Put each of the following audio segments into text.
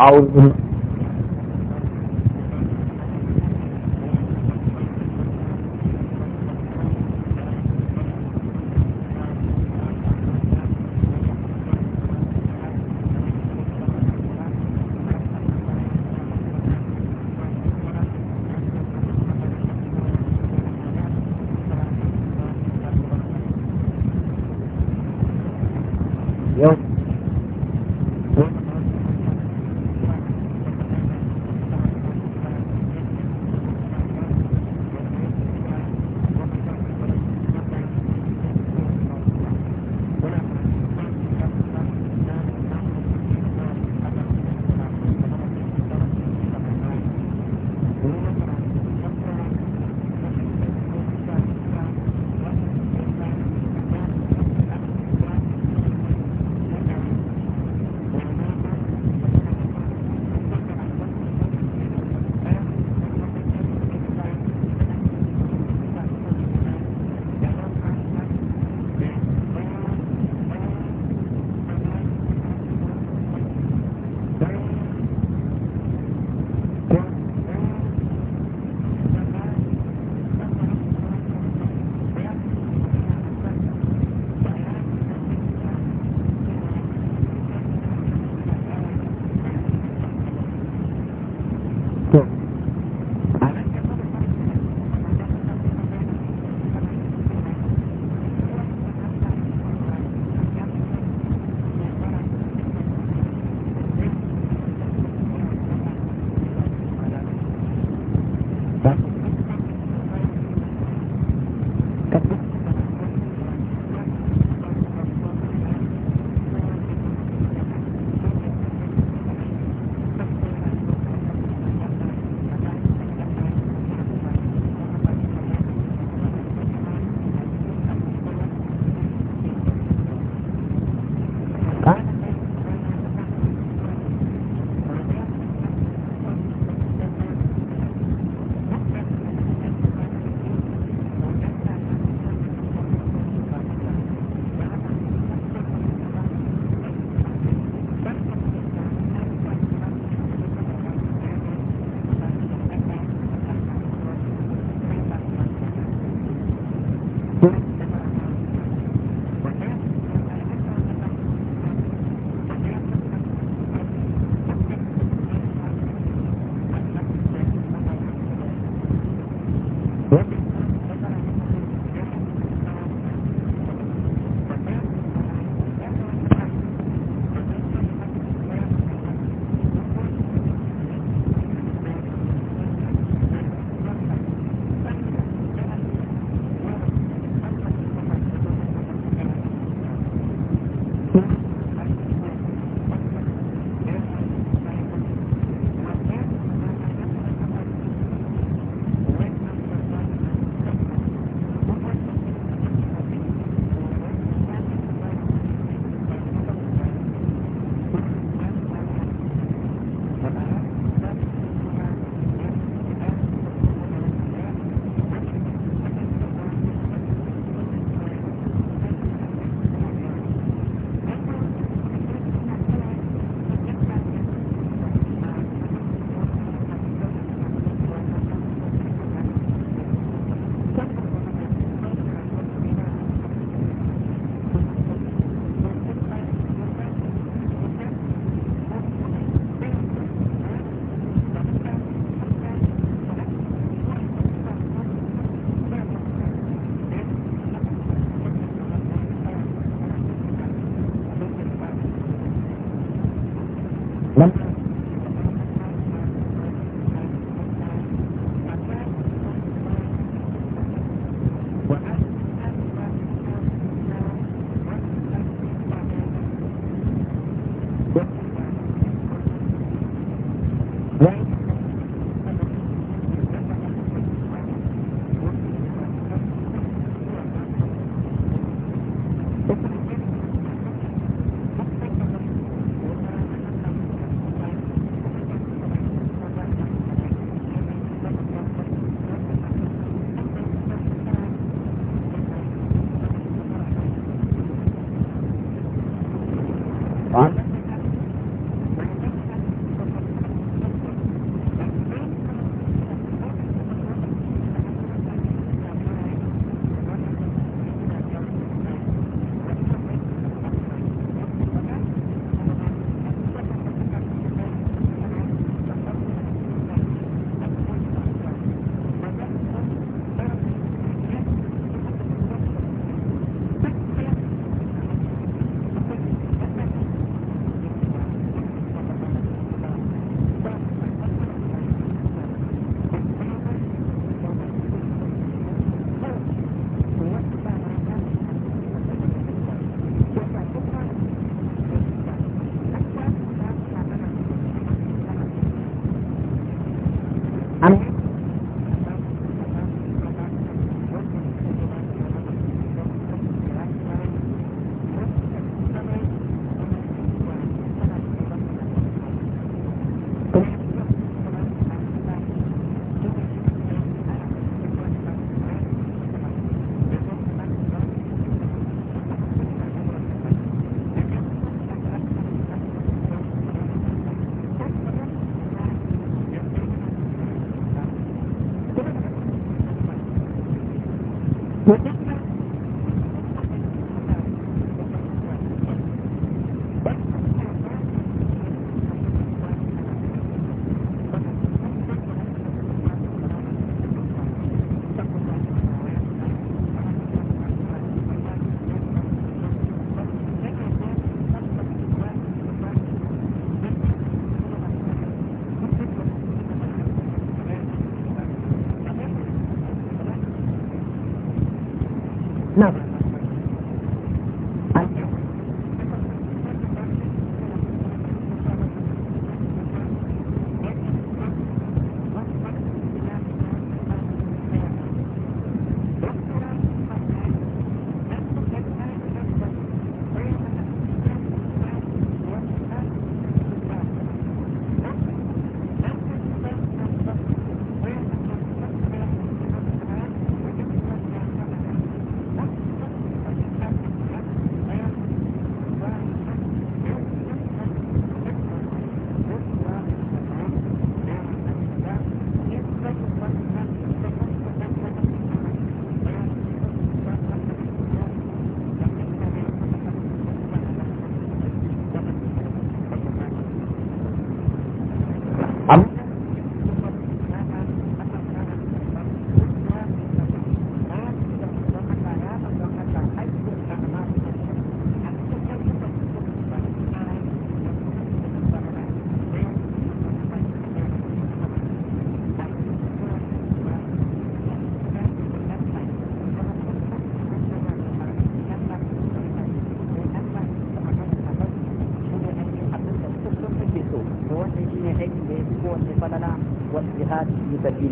أعوذ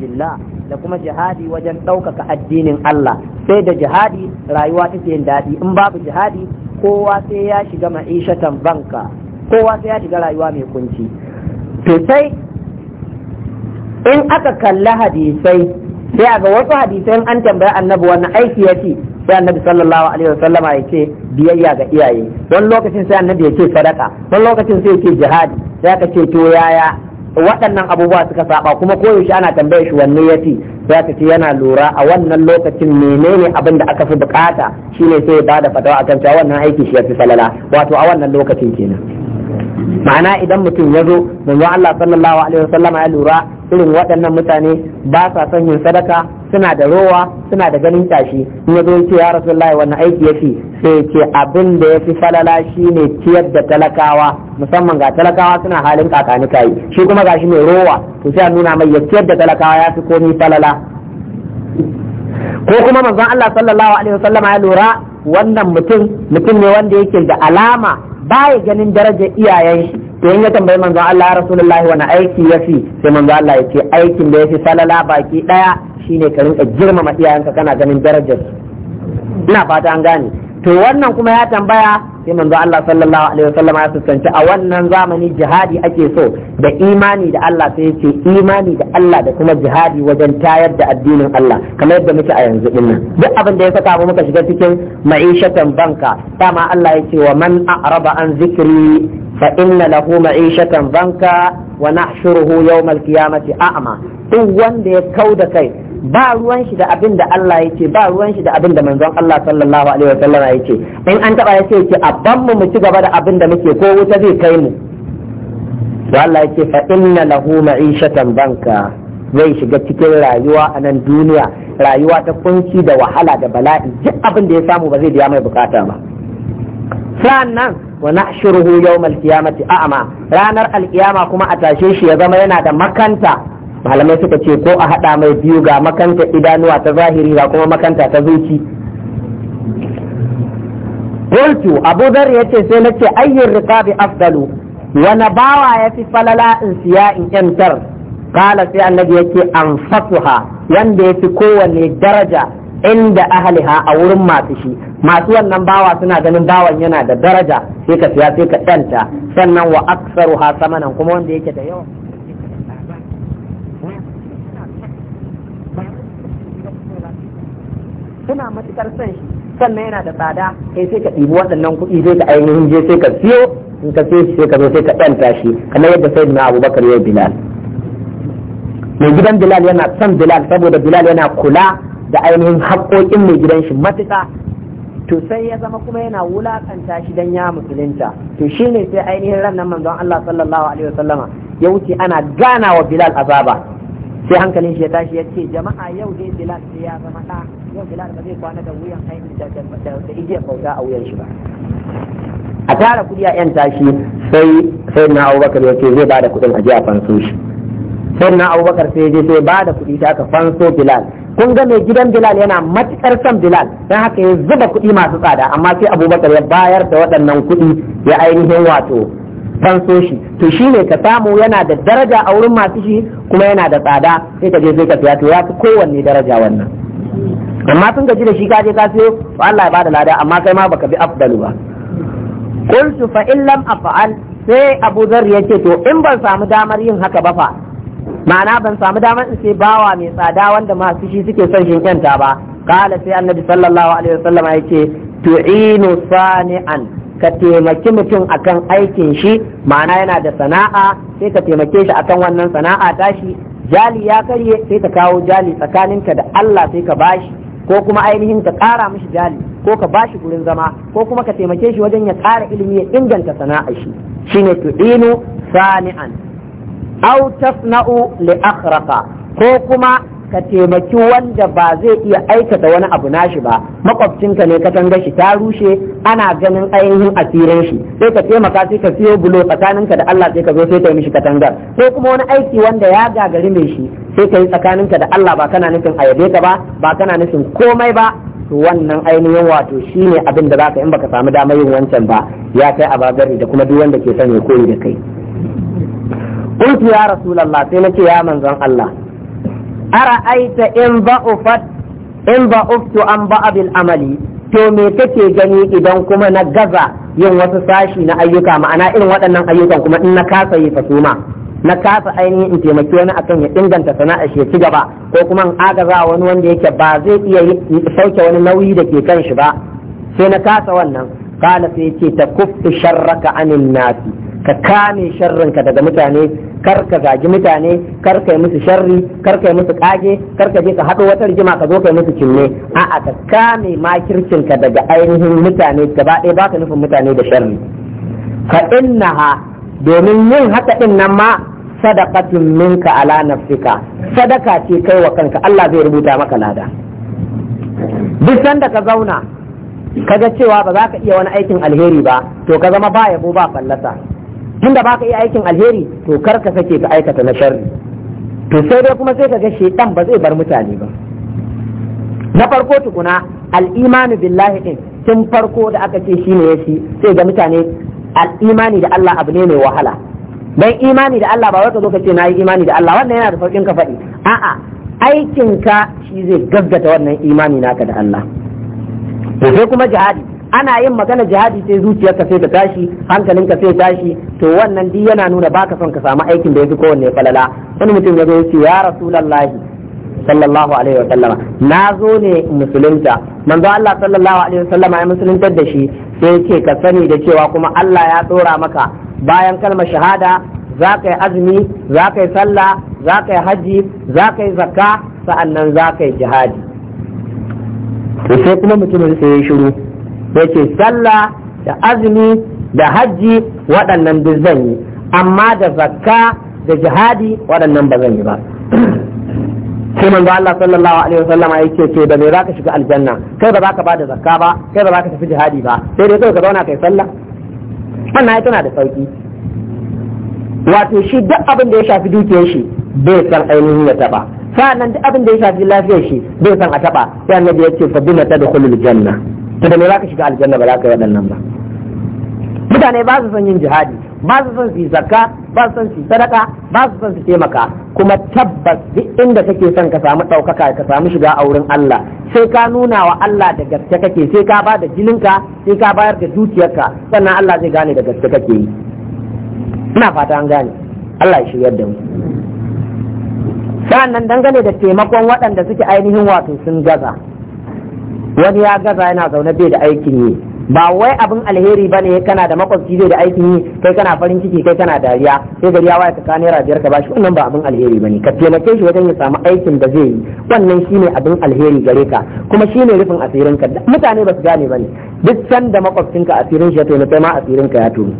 sabilillah da kuma jihadi wajen ɗaukaka addinin Allah sai da jihadi rayuwa take yin daɗi in babu jihadi kowa sai ya shiga ma'ishatan banka kowa sai ya shiga rayuwa mai kunci to sai in aka kalli hadisai sai a ga wasu hadisai an tambaya annabi wani aiki ya ce sai annabi sallallahu alaihi wasallam ya ce biyayya ga iyaye wani lokacin sai annabi ya ce sadaka wani lokacin sai ya ce jihadi sai aka ce to yaya waɗannan abubuwa suka saba kuma koyaushe ana tambaye shi wanne ya ci za ta ce yana lura a wannan lokacin menene abin da aka fi bukata shine sai ya bada fatawa akan cewa wannan aiki shi ya fi salala wato a wannan lokacin kenan ma'ana idan mutum ya zo manzo Allah sallallahu alaihi wasallam ya lura irin waɗannan mutane ba sa son yin sadaka suna da rowa suna da ganin tashi in ya zo ce ya lai wannan aiki ya fi sai ya ce abin da ya fi falala shi ne ciyar da talakawa musamman ga talakawa suna halin kakani kayi shi kuma gashi mai rowa to sai a nuna mai ya ciyar da talakawa ya fi komi falala ko kuma manzon Allah sallallahu alaihi wasallama ya lura wannan mutum mutum ne wanda yake da alama baya ganin darajar iyayen shi to in ya tambayi manzo Allah ya rasulullahi wani aiki ya fi sai manzo Allah ya ce aikin da ya fi salala baki daya shine ka rinka girmama iyayenka kana ganin darajar ina fata an gane to wannan kuma ya tambaya sai manzo Allah sallallahu alaihi wasallam ya fuskanci a wannan zamani jihadi ake so da imani da Allah sai yace imani da Allah da kuma jihadi wajen tayar da addinin Allah kamar yadda muke a yanzu din nan duk abin da ya saka mu muka shiga cikin ma'ishatan banka dama Allah ya ce wa man a'raba an zikri فإن له معيشة ضنكا ونحشره يوم القيامة أعمى duk wanda ya kau da kai ba ruwan shi da abin Allah ya ce ba ruwan shi da abin da manzon Allah sallallahu alaihi ya ce in an taba ya ce ki abban mu mu ci gaba da abin da muke ko wuta zai kai mu to Allah ya ce fa inna lahu ma'ishatan banka zai shiga cikin rayuwa a nan duniya rayuwa ta kunci da wahala da bala'i duk abin da ya samu ba zai biya mai bukata ba sannan wa yau yawmal qiyamati a'ma ranar alkiyama kuma a tashe shi ya zama yana da makanta malamai suka ce ko a haɗa mai biyu ga makanta idanuwa ta zahiri ga kuma makanta ta zuci Kultu abu ya ce sai na nace rika bi afdalu wani bawa ya fi falala in siya in yantar kala sai annabi yake fasuha wanda ya fi kowanne daraja inda ahliha a wurin masu shi masu wannan bawa suna ganin bawan yana da daraja sai ka siya sai ka danta sannan wa aksaru ha samanan kuma wanda yake da yawa suna matukar son shi sannan yana da tsada sai eh, sai ka ɗibi waɗannan kuɗi sai ka ainihin je sai ka siyo in ka siyo shi sai ka zo sai ka danta shi kamar yadda sai na abubakar yau bilal mai gidan bilal yana son bilal saboda bilal yana kula da ainihin haƙoƙin mai gidan shi matuƙa to sai ya zama kuma yana wulakanta shi dan ya musulunta to shine sai ainihin ran nan manzon Allah sallallahu alaihi wasallama ya wuce ana gana wa Bilal azaba sai hankalin shi ya tashi ya ce jama'a yau dai Bilal sai ya zama da yau Bilal ba zai kwana da wuyan ainihin da da igiyar bauta a wuyan shi ba a tara kudi a yan tashi sai sai na Abubakar ya ce zai bada kudin aje a fanso shi sai na Abubakar sai ya je sai bada kudi ta ka fanso Bilal kun ga mai gidan Bilal yana matukar son Bilal don haka ya zuba kuɗi masu tsada amma sai Abubakar ya bayar da waɗannan kuɗi ya ainihin wato to shi to ka samu yana da daraja a wurin masu shi kuma yana da tsada sai ka je sai ka siya to ya fi kowanne daraja wannan amma sun gaji da shi ka je ka siyo to Allah ya bada lada amma kai ma baka bi afdalu ba qultu fa in lam af'al sai Abu Dharr yace to in ban samu damar yin haka ba fa ma'ana ban samu damar in sai bawa mai tsada wanda masu shi suke son shi kyanta ba kala sai annabi sallallahu alaihi wasallam yake tu'inu sani'an ka taimaki mutum akan aikin shi ma'ana yana da sana'a sai ka taimake shi akan wannan sana'a tashi jali ya karye sai ka kawo jali tsakaninka da Allah sai ka bashi ko kuma ainihin ka ƙara mishi jali ko ka bashi gurin zama ko kuma ka taimake shi wajen ya kara ilimi ya inganta sana'a shi shine tu'inu sani'an au tasna'u li akhraqa ko kuma ka taimaki wanda ba zai iya aikata wani abu nashi ba makwabcinka ne katanga shi ta rushe ana ganin ainihin asirin shi sai ka taimaka sai ka siyo bulo tsakaninka da Allah sai ka zo sai ka yi mishi katangar ko kuma wani aiki wanda ya gagari mai shi sai ka yi tsakaninka da Allah ba kana nufin ayabe ka ba ba kana nufin komai ba to wannan ainihin wato shine abin da zaka in baka samu damar yin wancan ba ya kai a bagari da kuma duk wanda ke son ya koyi da kai قلت يا رسول الله سينك يا من زن الله أرأيت إن ضعفت إن ضعفت أن بعض العمل to me kake gani idan kuma na gaza yin wasu sashi na ayyuka ma'ana irin waɗannan ayyukan kuma in na kasa yi fasuma na kasa ainihin in taimaki wani akan ya inganta sana'a shi ci gaba ko kuma agaza wani wanda yake ba zai iya sauke wani nauyi da ke kan shi ba sai na kasa wannan kala sai ce ta kuftu sharraka anin nasi ka kame sharrinka daga mutane kar ka zagi mutane kar ka yi musu sharri kar ka yi musu kage kar ka je ka haɗo wata rigima ka zo ka yi musu cinne a'a ka kame makircinka daga ainihin mutane gaba ɗaya baka nufin mutane da sharri fa innaha domin yin haka din nan ma sadaqatun minka ala nafsika sadaka ce kai wa kanka Allah zai rubuta maka lada duk sanda ka zauna kaga cewa ba za ka iya wani aikin alheri ba to ka zama ba yabo ba fallasa tunda baka iya aikin alheri to kar ka sake ka aikata na sharri to sai dai kuma sai ka ga ɗan ba zai bar mutane ba na farko tukuna al'imanu billahi din tun farko da aka ce shine ya shi sai ga mutane al'imani da Allah abu ne mai wahala dan imani da Allah ba wai ka zo ka ce nayi imani da Allah wannan yana da farkin ka faɗi a'a aikin ka shi zai gaggata wannan imani naka da Allah to sai kuma jihadi ana yin magana jihadi sai zuciyarka sai ta tashi hankalin ka sai tashi to wannan din yana nuna baka son ka samu aikin da yafi kowanne falala wani mutum ya zo ya ce ya rasulullahi sallallahu alaihi wa sallama na zo ne musulunta manzo Allah sallallahu alaihi wa sallama ya musuluntar da shi sai yake ka sani da cewa kuma Allah ya tsora maka bayan kalmar shahada za ka yi azumi za ka sallah za ka yi haji za ka yi zakka sa'annan za ka yi jihadi sai kuma mutumin sai ya shiru yake sallah da azumi da hajji waɗannan duk zan yi amma da zakka da jihadi waɗannan ba zan yi ba sai manzo Allah sallallahu alaihi wasallama yake ce da me zaka shiga aljanna kai ba zaka da zakka ba kai ba zaka tafi jihadi ba sai dai kai ka zauna kai sallah wannan ai tana da sauki wato shi duk abin da ya shafi dukiyar shi bai san ainihin ya taba sa'annan duk abin da ya shafi lafiyar shi bai san a taba sai annabi yace fa bima tadkhulul janna to da me za ka shiga aljanna ba za ka yi waɗannan ba mutane ba su son yin jihadi ba su son su zakka ba su son su sadaka ba su son su taimaka kuma tabbas duk inda kake son ka samu ɗaukaka ka samu shiga a wurin Allah sai ka nuna wa Allah da gaske kake sai ka ba da jininka sai ka bayar da dukiyarka sannan Allah zai gane da gaske kake yi ina fata an gane Allah ya shiryar da mu sa'an nan dangane da taimakon waɗanda suke ainihin wato sun gaza wani ya gaza yana zaune bai da aikin yi ba wai abin alheri ba ne kana da makwabci bai da aikin yi kai kana farin ciki kai kana dariya sai gari ya waye ka naira biyar ka bashi wannan ba abin alheri ba ne ka taimake shi wajen ya samu aikin da zai yi wannan shine abin alheri gare ka kuma shine rufin asirin ka mutane ba su gane ba ne duk sanda makwabcinka asirin shi ya taimake ma asirin ka ya tuni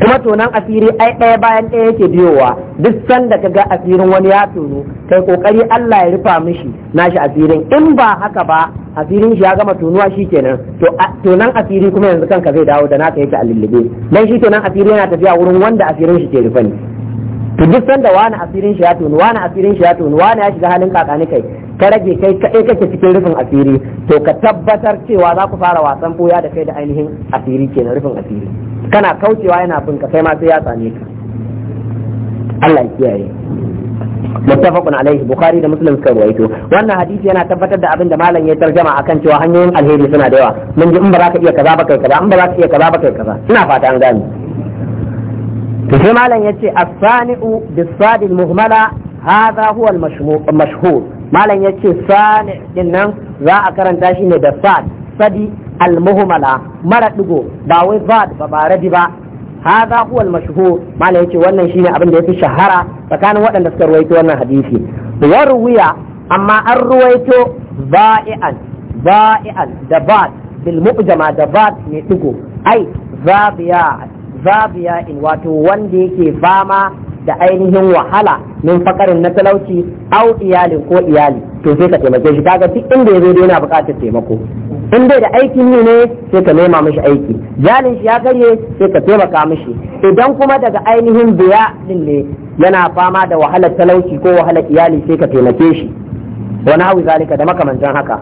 kuma tonan asiri ai ɗaya bayan ɗaya yake biyowa duk sanda ka ga asirin wani ya tono kai kokari Allah ya rufa mishi nashi asirin in ba haka ba asirin shi ya gama tonuwa shikenan to tonan asiri kuma yanzu kanka zai dawo da naka yake alillibe dan shi tonan asiri yana tafiya wurin wanda asirin shi ke rufani, ne to duk sanda wani asirin shi ya tono wani asirin shi ya tono wani ya shiga halin kakani kai ka rage kai kaɗai kake cikin rufin asiri to ka tabbatar cewa za ku fara wasan boya da kai da ainihin asiri kenan rufin asiri kana kaucewa yana bin ka kai ma sai ya same ka Allah ya kiyaye muttafaqun alaihi bukhari da muslim suka ruwaito wannan hadisi yana tabbatar da abin da malam ya tarjama akan cewa hanyoyin alheri suna da yawa mun ji in ba za ka iya kaza ba kai kaza in ba za ka iya kaza ba kai kaza ina fata an gane to sai malam yace as-sani'u bis-sadil muhmala hadha huwa al-mashhur malam ya ce sani din nan za a karanta shi ne da sad sadi almuhmala mara digo ba wai bad ba ba rabi ba hadha huwa almashhur malam ya ce wannan shine abin da yafi shahara tsakanin waɗanda suka ruwaito wannan hadisi warwiya amma an ruwaito ba'ian ba'ian da bad bil mu'jama da bad ne digo ai zabiya zabiya in wato wanda yake fama da ainihin wahala min fakarin na talauci au iyalin ko iyali to sai ka taimake shi kaga duk inda ya dai yana buƙatar taimako in dai da aikin yi ne sai ka nema mishi aiki jalin shi ya karye sai ka taimaka mishi idan kuma daga ainihin biya din ne yana fama da wahalar talauci ko wahalar iyali sai ka taimake shi wani hawi zalika da makamantan haka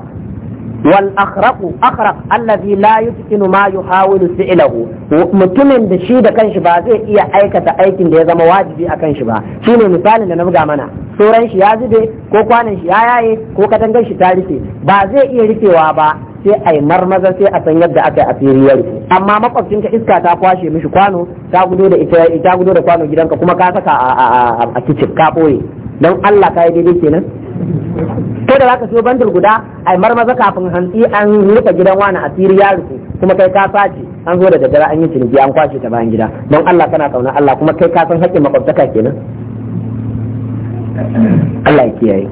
wal akhraqu akhraq allazi la yutqinu ma yuhawilu mutumin da shi da kanshi ba zai iya aikata aikin da ya zama wajibi a kanshi ba shine misalin da na buga mana soran shi ya zube ko kwanan shi ya yaye ko katangar shi ta rufe ba zai iya rufewa ba sai a yi marmaza sai a san yadda aka asiri ya amma makwabcinka iska ta kwashe mishi kwano ta gudo da ita kwano gidanka kuma ka saka a kicin ka boye don Allah ka yi daidai kenan kai da zaka siyo bandar guda ai marmaza kafin hantsi an rika gidan wani asiri ya rufe kuma kai ka sace an zo da daddare an yi ciniki an kwashe ta bayan gida don Allah kana kauna Allah kuma kai ka san haƙƙin makwabtaka kenan Allah ya kiyaye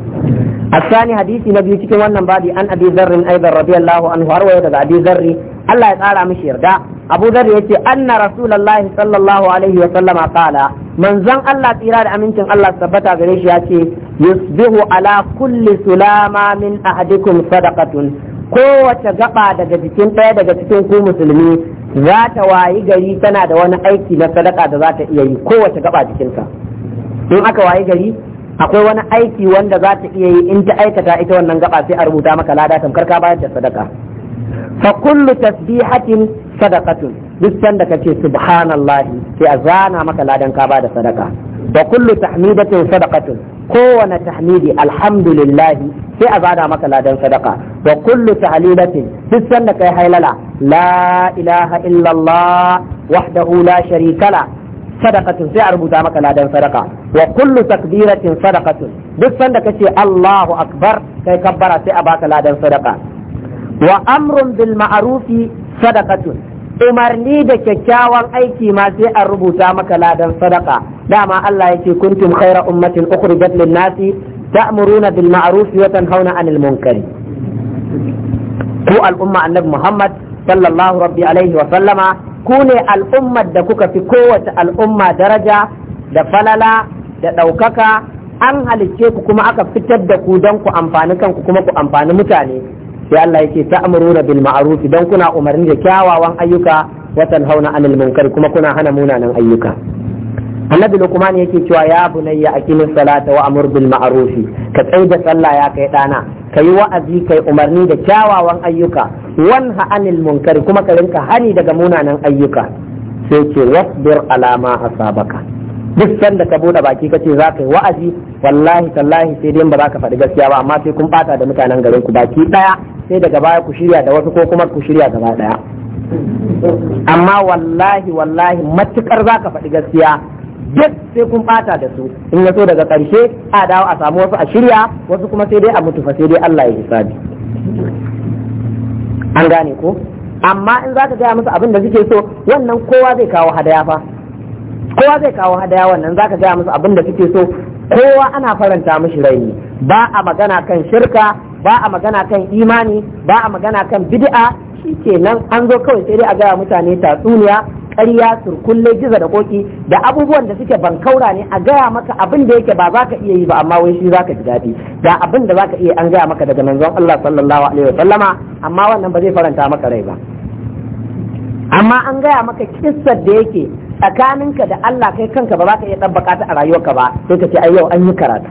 asani hadisi na biyu cikin wannan babi an abi zarrin aidan radiyallahu anhu har waya daga abi zarri Allah ya tsara mishi yarda Abu ce an na rasulullahi sallallahu alaihi wa sallama qala manzan Allah tsira da amincin Allah sabbata gare shi ce. yusbihu ala kulli sulama ahadikum sadaqatun kowace gaba daga jikin ɗaya daga cikin ku musulmi za ta wayi gari tana da wani aiki na sadaka da za ta iya yi kowace gaba jikinka in aka wayi gari akwai wani aiki wanda za ta iya yi in ta aikata ita wannan gaba sai a rubuta maka lada tamkar ka bayar da sadaka fa kullu tasbihatin sadaqatun duk sanda ka ce subhanallahi sai a zana maka ladan ka bada sadaka ba kullu tahmidatin sadaqatun kowane tahmidi alhamdulillahi sai a bada maka ladan sadaka wa kullu tahlilatin duk sanda kai hailala la ilaha illallah wahdahu la sharikala la sadaqatun sai a rubuta maka ladan sadaka wa kullu takbiratin sadaqatun duk sanda kace Allahu akbar kai kabbara sai a baka ladan sadaka wa amrun bil ma'rufi sadaqatun umarni da kyakkyawan aiki ma sai an rubuta maka ladan sadaka dama Allah yake kuntum khaira ummatin ukhrijat lin nasi ta'muruna bil ma'ruf wa tanhauna 'anil munkar ku al'umma annabi Muhammad sallallahu rabbi alaihi wa sallama ku ne al'ummar da kuka fi kowace al'umma daraja da falala da ɗaukaka an halicce ku kuma aka fitar da ku don ku amfani kanku kuma ku amfani mutane sai Allah yake ta'muruna bil ma'ruf dan kuna umarni da kyawawan ayyuka wa tanhauna 'anil munkar kuma kuna hana munanan ayyuka annabi lukman yake cewa ya bunayya aqimi salata wa amur bil ma'ruf ka tsaida sallah ya kai dana kayi wa'azi kai umarni da kyawawan ayyuka wanha 'anil munkar kuma ka rinka hani daga munanan ayyuka sai ce wasbir alama asabaka duk sanda ka bude baki kace za ka yi wa'azi wallahi tallahi sai dai ba za ka faɗi gaskiya ba amma sai kun bata da mutanen garin ku baki daya sai daga baya ku shirya da wasu ko kuma ku shirya gaba daya amma wallahi wallahi matukar za ka faɗi gaskiya duk sai kun bata da su in ya so daga ƙarshe a dawo a samu wasu a shirya wasu kuma sai dai a mutu fa sai dai Allah ya hisabi an gane ko amma in za ka gaya musu abin da suke so wannan kowa zai kawo hadaya fa kowa zai kawo hadaya wannan zaka gaya musu abin da kake so kowa ana faranta mishi rai ba a magana kan shirka ba a magana kan imani ba a magana kan bid'a ke nan an zo kawai sai dai a gaya mutane tatsuniya ƙarya surkulle gizo da koki da abubuwan da suke bankaura ne a gaya maka abin da yake ba za ka iya yi ba amma wai shi za ka ji daɗi da abin da za ka iya an gaya maka daga manzon Allah sallallahu alaihi wa sallama amma wannan ba zai faranta maka rai ba amma an gaya maka kissar da yake tsakaninka da Allah kai kanka ba za ka iya ɗabbaka ta a rayuwarka ba sai ka ce ai yau an yi karatu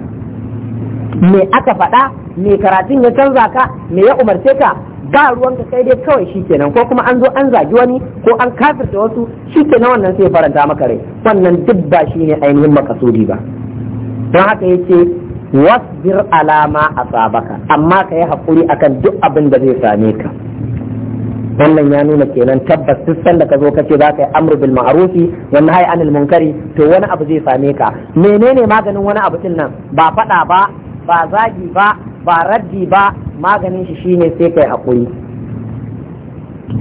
me aka faɗa me karatun ya canza ka me ya umarce ka ba ruwanka kai dai kawai shikenan ko kuma an zo an zagi wani ko an kafirta wasu shikenan wannan sai faranta maka rai wannan duk ba shi ne ainihin makasudi ba don haka ya yace wasbir alama a sabaka amma ka yi hakuri akan duk abin da zai same ka wannan ya nuna kenan tabbas duk sanda ka zo ka ce za ka yi amru bil ma'rufi wa nahyi anil munkari to wani abu zai same ka menene maganin wani abu din nan ba fada ba ba zagi ba ba raddi ba maganin shi shine sai kai hakuri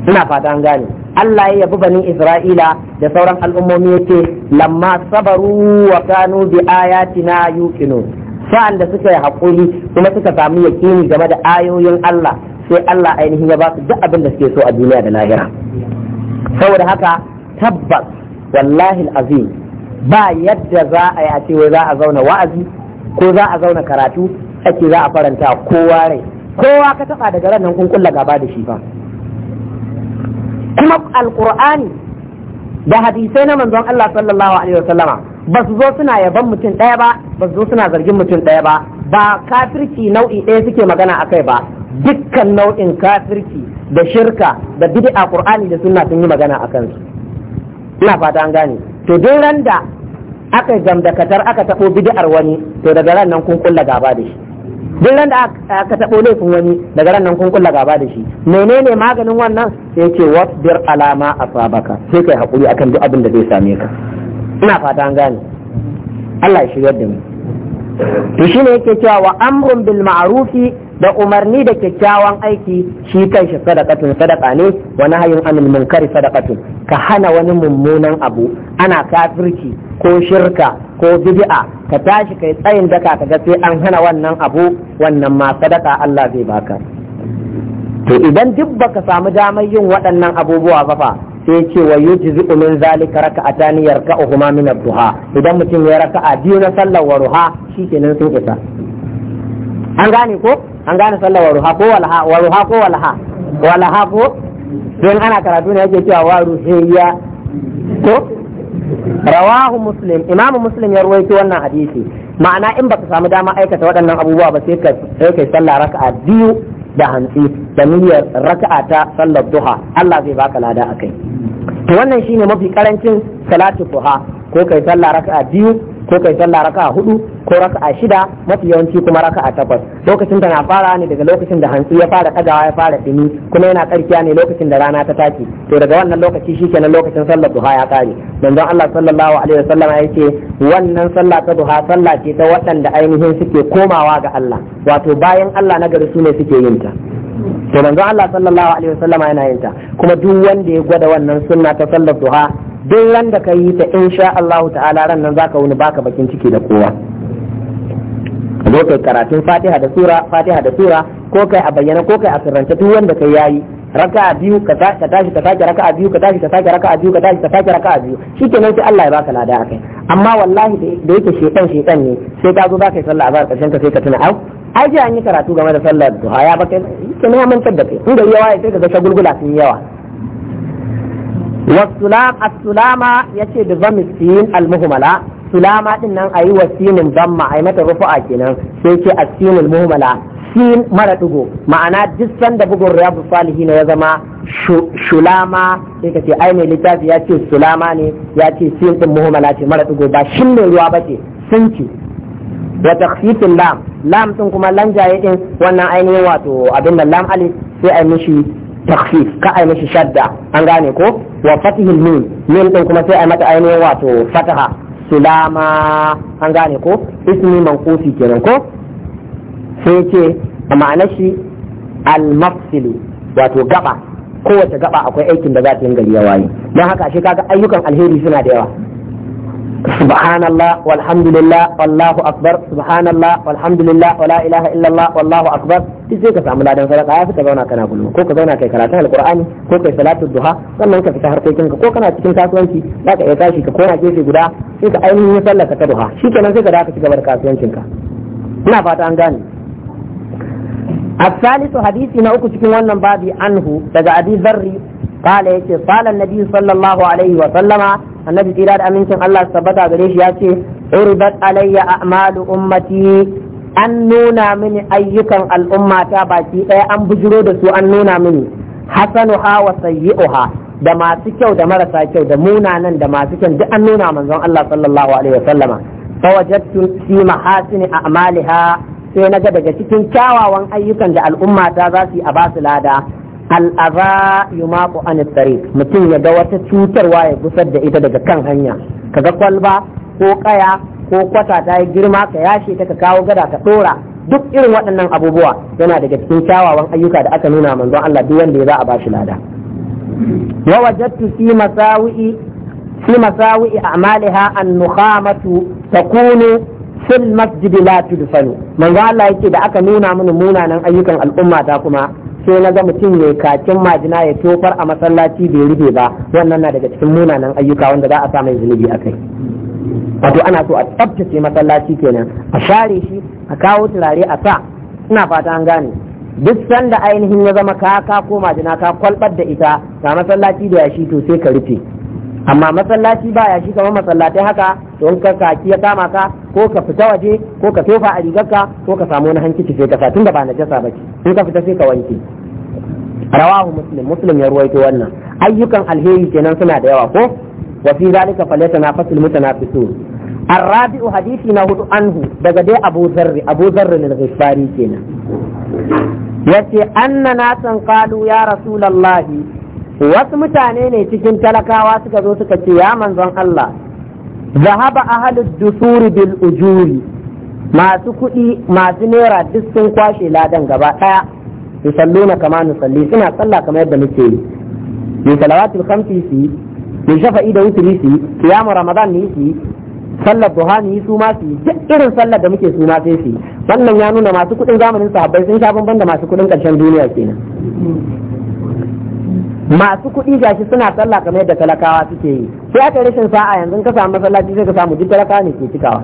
ina fata an gane Allah ya yabi bani Isra'ila da sauran al'ummomi yace lamma sabaru wa kanu bi ayatina yuqinun sa'an da suka yi hakuri kuma suka samu yaqini game da ayoyin Allah sai Allah ainihi ya ba su duk abin da suke so a duniya da lahira saboda haka tabbas wallahi azim ba yadda za a yi a ce za a zauna wa'azi ko za a zauna karatu ake za a faranta kowa rai kowa ka taba daga ran nan kun kulla gaba da shi ba kuma alqur'ani da hadisai na manzon Allah sallallahu alaihi wasallama ba su zo suna yaban mutum ɗaya ba ba su zo suna zargin mutum ɗaya ba ba kafirci nau'i ɗaya suke magana akai ba dukkan nau'in kafirci da shirka da bid'a qur'ani da sunna sun yi magana a kansu ina fata an gane to duk ran da aka gamdakatar aka tabo bid'ar wani to daga ran nan kun kulla gaba da shi duk ran da aka tabo laifin wani daga ran nan kun kulla gaba da shi menene maganin wannan sai yace wasbir alama asabaka sai kai hakuri akan duk abin da zai same ka ina fata an gane Allah ya shigar da mu to shine yake cewa wa amrun bil ma'rufi da umarni da kyakkyawan aiki shi kan kanshi sadakatun sadaka ne wa nahyin anil munkari sadakatun ka hana wani mummunan abu ana kafirci ko shirka ko bid'a ka tashi kai tsayin daka kaga sai an hana wannan abu wannan ma sadaka Allah zai baka to idan duk baka samu damar yin waɗannan abubuwa ba fa sai ce wa yujzi min zalika raka'atani yarka'uhuma min ad-duha idan mutum ya raka'a biyu na sallar waruha shi shikenan sun isa an gane ko an gane sallah wa ruha ko walha wa ruha ko walha walha ko don ana karatu ne yake cewa wa ruhiya ko rawahu muslim imam muslim ya ruwaito wannan hadisi ma'ana in baka samu dama aikata waɗannan abubuwa ba sai ka sai kai sallah raka'a biyu da hantsi da niyyar raka'a ta sallar duha Allah zai baka lada akai to wannan shine mafi karancin salatu duha ko kai sallah raka'a biyu ko kai sallah raka a hudu ko raka a shida mafi yawanci kuma raka'a takwas lokacin da na fara ne daga lokacin da hantsi ya fara kadawa ya fara dumi kuma yana karkiya ne lokacin da rana ta take to daga wannan lokaci shikenan lokacin sallar duha ya kare manzon Allah sallallahu alaihi wasallam ya ce wannan sallah ta duha sallah ce ta waɗanda ainihin suke komawa ga Allah wato bayan Allah na gari su ne suke yin ta to manzon Allah sallallahu alaihi wasallam yana yin ta kuma duk wanda ya gwada wannan sunna ta sallar duha duk ran da ka yi ta insha Allah ta'ala ran nan zaka wuni baka bakin ciki da kowa ka zo kai karatun Fatiha da sura Fatiha da sura ko kai a bayyana ko kai a sirrance duk wanda kai yayi raka'a biyu ka tashi ka sake raka'a biyu ka tashi ka sake raka'a biyu ka tashi ka sake raka'a biyu shikenan sai Allah ya baka lada akai amma wallahi da yake shedan shedan ne sai ka zo za ka yi sallah azhar karshen ka sai ka tuna au ai ji an yi karatu game da sallar duha ya baka shikenan ya mantar da kai inda yawa sai ka ga shagulgula sun yawa wasulam as-sulama yace da zamis sin al sulama din nan ayi wasinin damma yi mata rufu'a kenan sai ce as-sinul muhmala sin mara dugo ma'ana duk sanda bugun riyadu salihin ya zama shulama sai ka ce ai mai littafi ya ce sulama ne ya ce sin din muhmala ce mara dugo ba shin ruwa bace sun ce da takhfifin lam lam din kuma lanjaye ɗin wannan ainihin wato abin da lam alif sai ai mishi takhfif ka ai mishi shadda an gane ko wa fatihul nun nun din kuma sai ai mata ainihin wato fataha sulama an gane ko ismi manqusi kenan ko sai ce a ma'anar shi al-mafsilu wato gaba kowace gaba akwai aikin da za ta yi gari ya waye don haka shi kaga ayyukan alheri suna da yawa سبحان الله والحمد لله والله أكبر سبحان الله والحمد لله ولا إله إلا الله والله أكبر ka samu ladan sadaka ya ka zauna kana gulma ko ka zauna kai karatun alqur'ani ko kai salatu duha sannan ka fita harkokin ka ko cikin kasuwanci za ka iya tashi ka kona gefe guda sai ka ainihin sallar ta duha shikenan sai zai dawo aka ci gaba da kasuwancin ka ina fata an gane الثالث حديث نأكو cikin wannan babi anhu daga Abi Dharr قال ce صلى النبي صلى الله عليه وسلم annabi tsira da amincin Allah tabbata gare shi ya ce urbat alayya a'malu ummati an nuna mini ayyukan al'umma ta baki ɗaya an bujiro da su an nuna mini hasanuha wa sayyi'uha da masu kyau da marasa kyau da munanan da masu kyau duk an nuna manzon Allah sallallahu alaihi wa sallama fawajadtu fi mahasini a'maliha sai naga daga cikin kyawawan ayyukan da al'umma ta za su yi a basu lada al'aza yumaqu an tariq mutum ya ga wata cutarwa ya gusar da ita daga kan hanya ka ga kwalba ko kaya ko kwata ta yi girma ka yashe ta ka kawo gada ka ɗora, duk irin waɗannan abubuwa yana daga cikin kyawawan ayyuka da aka nuna manzon Allah duk wanda ya za a ba shi lada wa wajadtu fi masawi'i fi masawi'i a'maliha an-nukhamatu takunu fil masjid la tudfanu manzo Allah yake da aka nuna mini munanan ayyukan al'umma ta kuma sai na ga mutum mai kakin majina ya tofar a masallaci bai rufe ba wannan na daga cikin munanan ayyuka wanda za a sa mai zunubi a kai wato ana so a tsabtace masallaci kenan a share shi a kawo turare a sa ina fata an gane duk sanda ainihin ya zama ka ka ko majina ka kwalbar da ita ga masallaci da yashi to sai ka rufe amma masallaci baya shi kamar masallatai haka to in ka kaki ya kama ka ko ka fita waje ko ka tofa a rigarka ko ka samu wani hankici sai ka sa tunda ba najasa ba ce in ka fita sai ka wanke rawahu muslim muslim ya ruwaito wannan ayyukan alheri kenan suna da yawa ko wa fi zalika falyatanafasul mutanafisun الرابع حديثنا هو عنه دغدي ابو ذر ابو ذر الغفاري كنا kenan yace ناسا قالوا يا رسول الله wasu mutane ne cikin talakawa suka zo suka ce ya manzon Allah zahaba ahalud dusuri bil ujuri masu kuɗi masu naira duk sun kwashe ladan gaba ɗaya yusalluna kama nusalli suna tsalla kamar yadda muke yi bi salawatul khamsi fi bi shafa'i da su yi qiyamu ramadan ni fi sallar duha ni su ma su duk irin sallar da muke su ma sai su wannan ya nuna masu kuɗin zamanin sahabbai sun sha bamban da masu kuɗin ƙarshen duniya kenan masu kuɗi gashi suna sallah kamar yadda talakawa suke yi sai aka rashin sa'a yanzu ka samu masallaci sai ka samu duk talakawa ne ke cikawa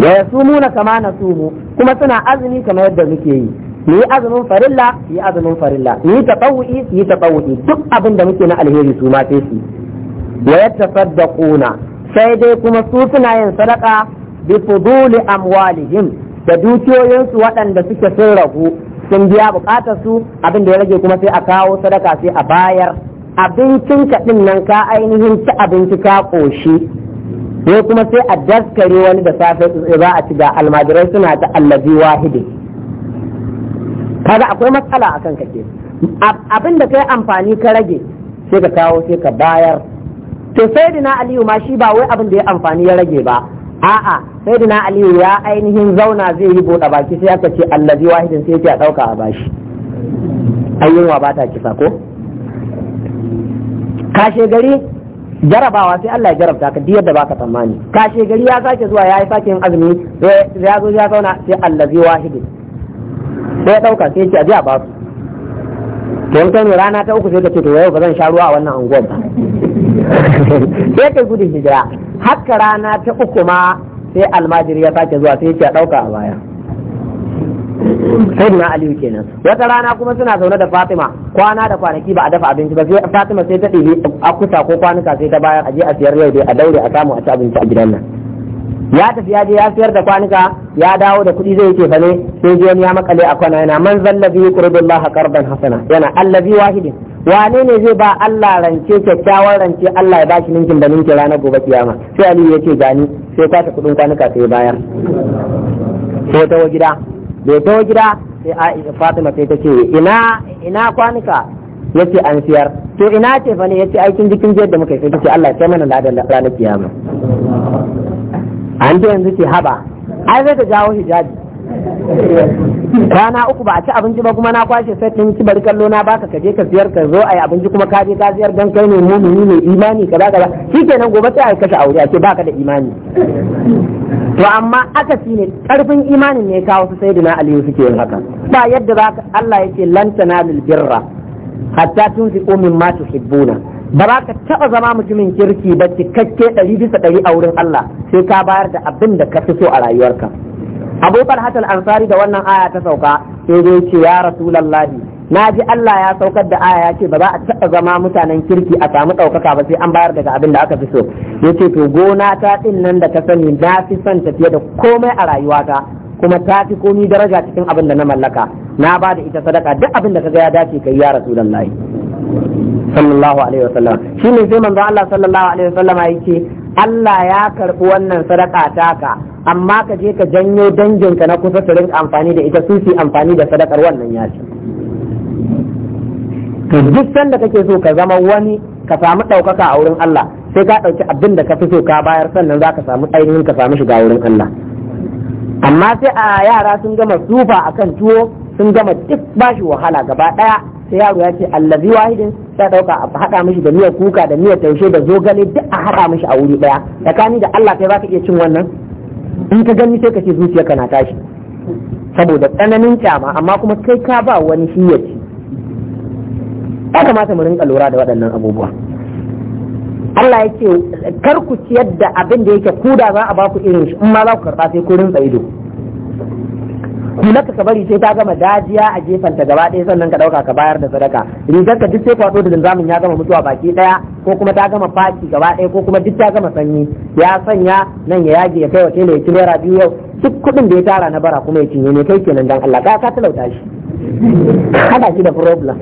wa yasumuna kama nasumu kuma suna azumi kamar yadda muke yi ni azumin farilla yi azumin farilla ni yi tatawu'i yi tatawu'i duk abin da muke na alheri su ma sai su wa yatasaddaquna sai dai kuma su suna yin sadaka bi fuduli amwalihim da dukiyoyinsu waɗanda suke sun ragu sun biya bukatar su abin da ya rage kuma sai a kawo sadaka sai a bayar abincin ka din nan ka ainihin ci abinci ka koshi sai kuma sai a daskare wani da safe za a ci ga almajirai suna ta allazi wahidi kaga akwai matsala a akan kake abin da kai amfani ka rage sai ka kawo sai ka bayar to sai dina aliyu ma shi ba wai abin da ya amfani ya rage ba a'a sai dina aliyu ya ainihin zauna zai yi buɗa baki sai aka ce allazi wahidin sai ce a ɗauka a bashi ayyunwa ba ta kisa ko kashe gari jarabawa sai Allah ya jarabta ka diyar da baka tsammani kashe gari ya sake zuwa ya yi sake yin azumi ya zo ya zauna sai allazi wahidin sai ya ɗauka sai ce a ji a basu to in rana ta uku sai ka ce to yau ba zan sha ruwa a wannan anguwar ba sai ka gudun hijira haka rana ta uku ma sai almajiri ya sake zuwa sai yake ɗauka a baya sai na aliyu kenan wata rana kuma suna zaune da fatima kwana da kwanaki ba a dafa abinci ba sai fatima sai ta ɗibi kusa ko kwanuka sai ta bayar a je a siyar yau dai a daure a samu a ci abinci a gidan nan ya tafi ya je ya siyar da kwanuka ya dawo da kuɗi zai ke fane sai je ya makale a kwana yana man zallabi qurbullaha qardan hasana yana allabi wahidin wane ne zai ba Allah rance kyakkyawar rance Allah ya bashi ninkin da ninkin ranar gobe kiyama sai Ali ya ce gani sai kwata kudin kwanuka sai bayar sai wa gida bai tawo gida sai Fatima sai ta ce ina ina kwanuka yace an siyar to ina ce fa ne yace aikin jikin jiyar da muka yi sai ta ce Allah ya kai mana da ranar kiyama an ta yanzu ce haba ai zai ta jawo hijabi rana uku ba a ci abinci ba kuma na kwashe sai tun ci bari kallo na baka kaje ka siyar ka zo ai abinci kuma ka je ka ziyar dan kai ne mumini ne imani kaza kaza shikenan gobe sai ai kashe aure ake baka da imani to amma aka shi ne karfin imanin ne kawo su sayyidina aliyu suke yin haka ba yadda za Allah yake lantana lil birra hatta tun tunfiqu ma tuhibbuna ba za ka taɓa zama mutumin kirki ba cikakke ɗari bisa ɗari a wurin Allah sai ka bayar da abin da ka fi so a rayuwarka. abu talhat al-ansari da wannan aya ta sauka sai dai ce ya rasulullahi na ji Allah ya saukar da aya ya ce ba za a taɓa zama mutanen kirki a samu ɗaukaka ba sai an bayar daga abin da aka fi so ya ce to gona ta ɗin nan da ta sani na fi son tafiye da komai a rayuwata kuma ta fi komi daraja cikin abin da na mallaka na ba da ita sadaka duk abin da ka ga ya dace kai ya rasulullahi sallallahu alaihi wasallam shine sai manzo Allah sallallahu alaihi wasallam ya ce Allah ya karɓi wannan sadaka taka amma ka je ka janyo danginka na kusa su rinka amfani da ita su su amfani da sadakar wannan ya ce duk sanda kake so ka zama wani ka samu ɗaukaka a wurin Allah sai ka ɗauki abin da ka fi so ka bayar sannan za ka samu ainihin ka samu shiga wurin Allah amma sai a yara sun gama sufa akan tuwo sun gama duk bashi wahala gaba ɗaya sai yaro ya ce allazi wahidin sai dauka a hada mishi da miyar kuka da miyar taushe da zogale duk a hada mishi a wuri daya tsakani da Allah kai zaka iya cin wannan in ka gani sai ka ce zuciya kana tashi saboda tsananin kyama amma kuma kai ka ba wani shi ya ci ya kamata mu rinka lura da waɗannan abubuwa Allah ya ce kar ku ciyar da abin da yake kuda za a ba ku irin shi in ma za ku karɓa sai ku rinsa ido kulaka ka bari sai ta gama dajiya a gefen ta gaba ɗaya sannan ka ɗauka ka bayar da sadaka rigar ka duk sai kwaɗo da linzamin ya gama mutuwa baki ɗaya ko kuma ta gama faki gaba ɗaya ko kuma duk ta gama sanyi ya sanya nan ya yage ya kai wa tela ya ci naira biyu yau duk kuɗin da ya tara na bara kuma ya cinye ne kai kenan dan Allah ka ka talauta shi kada shi da problem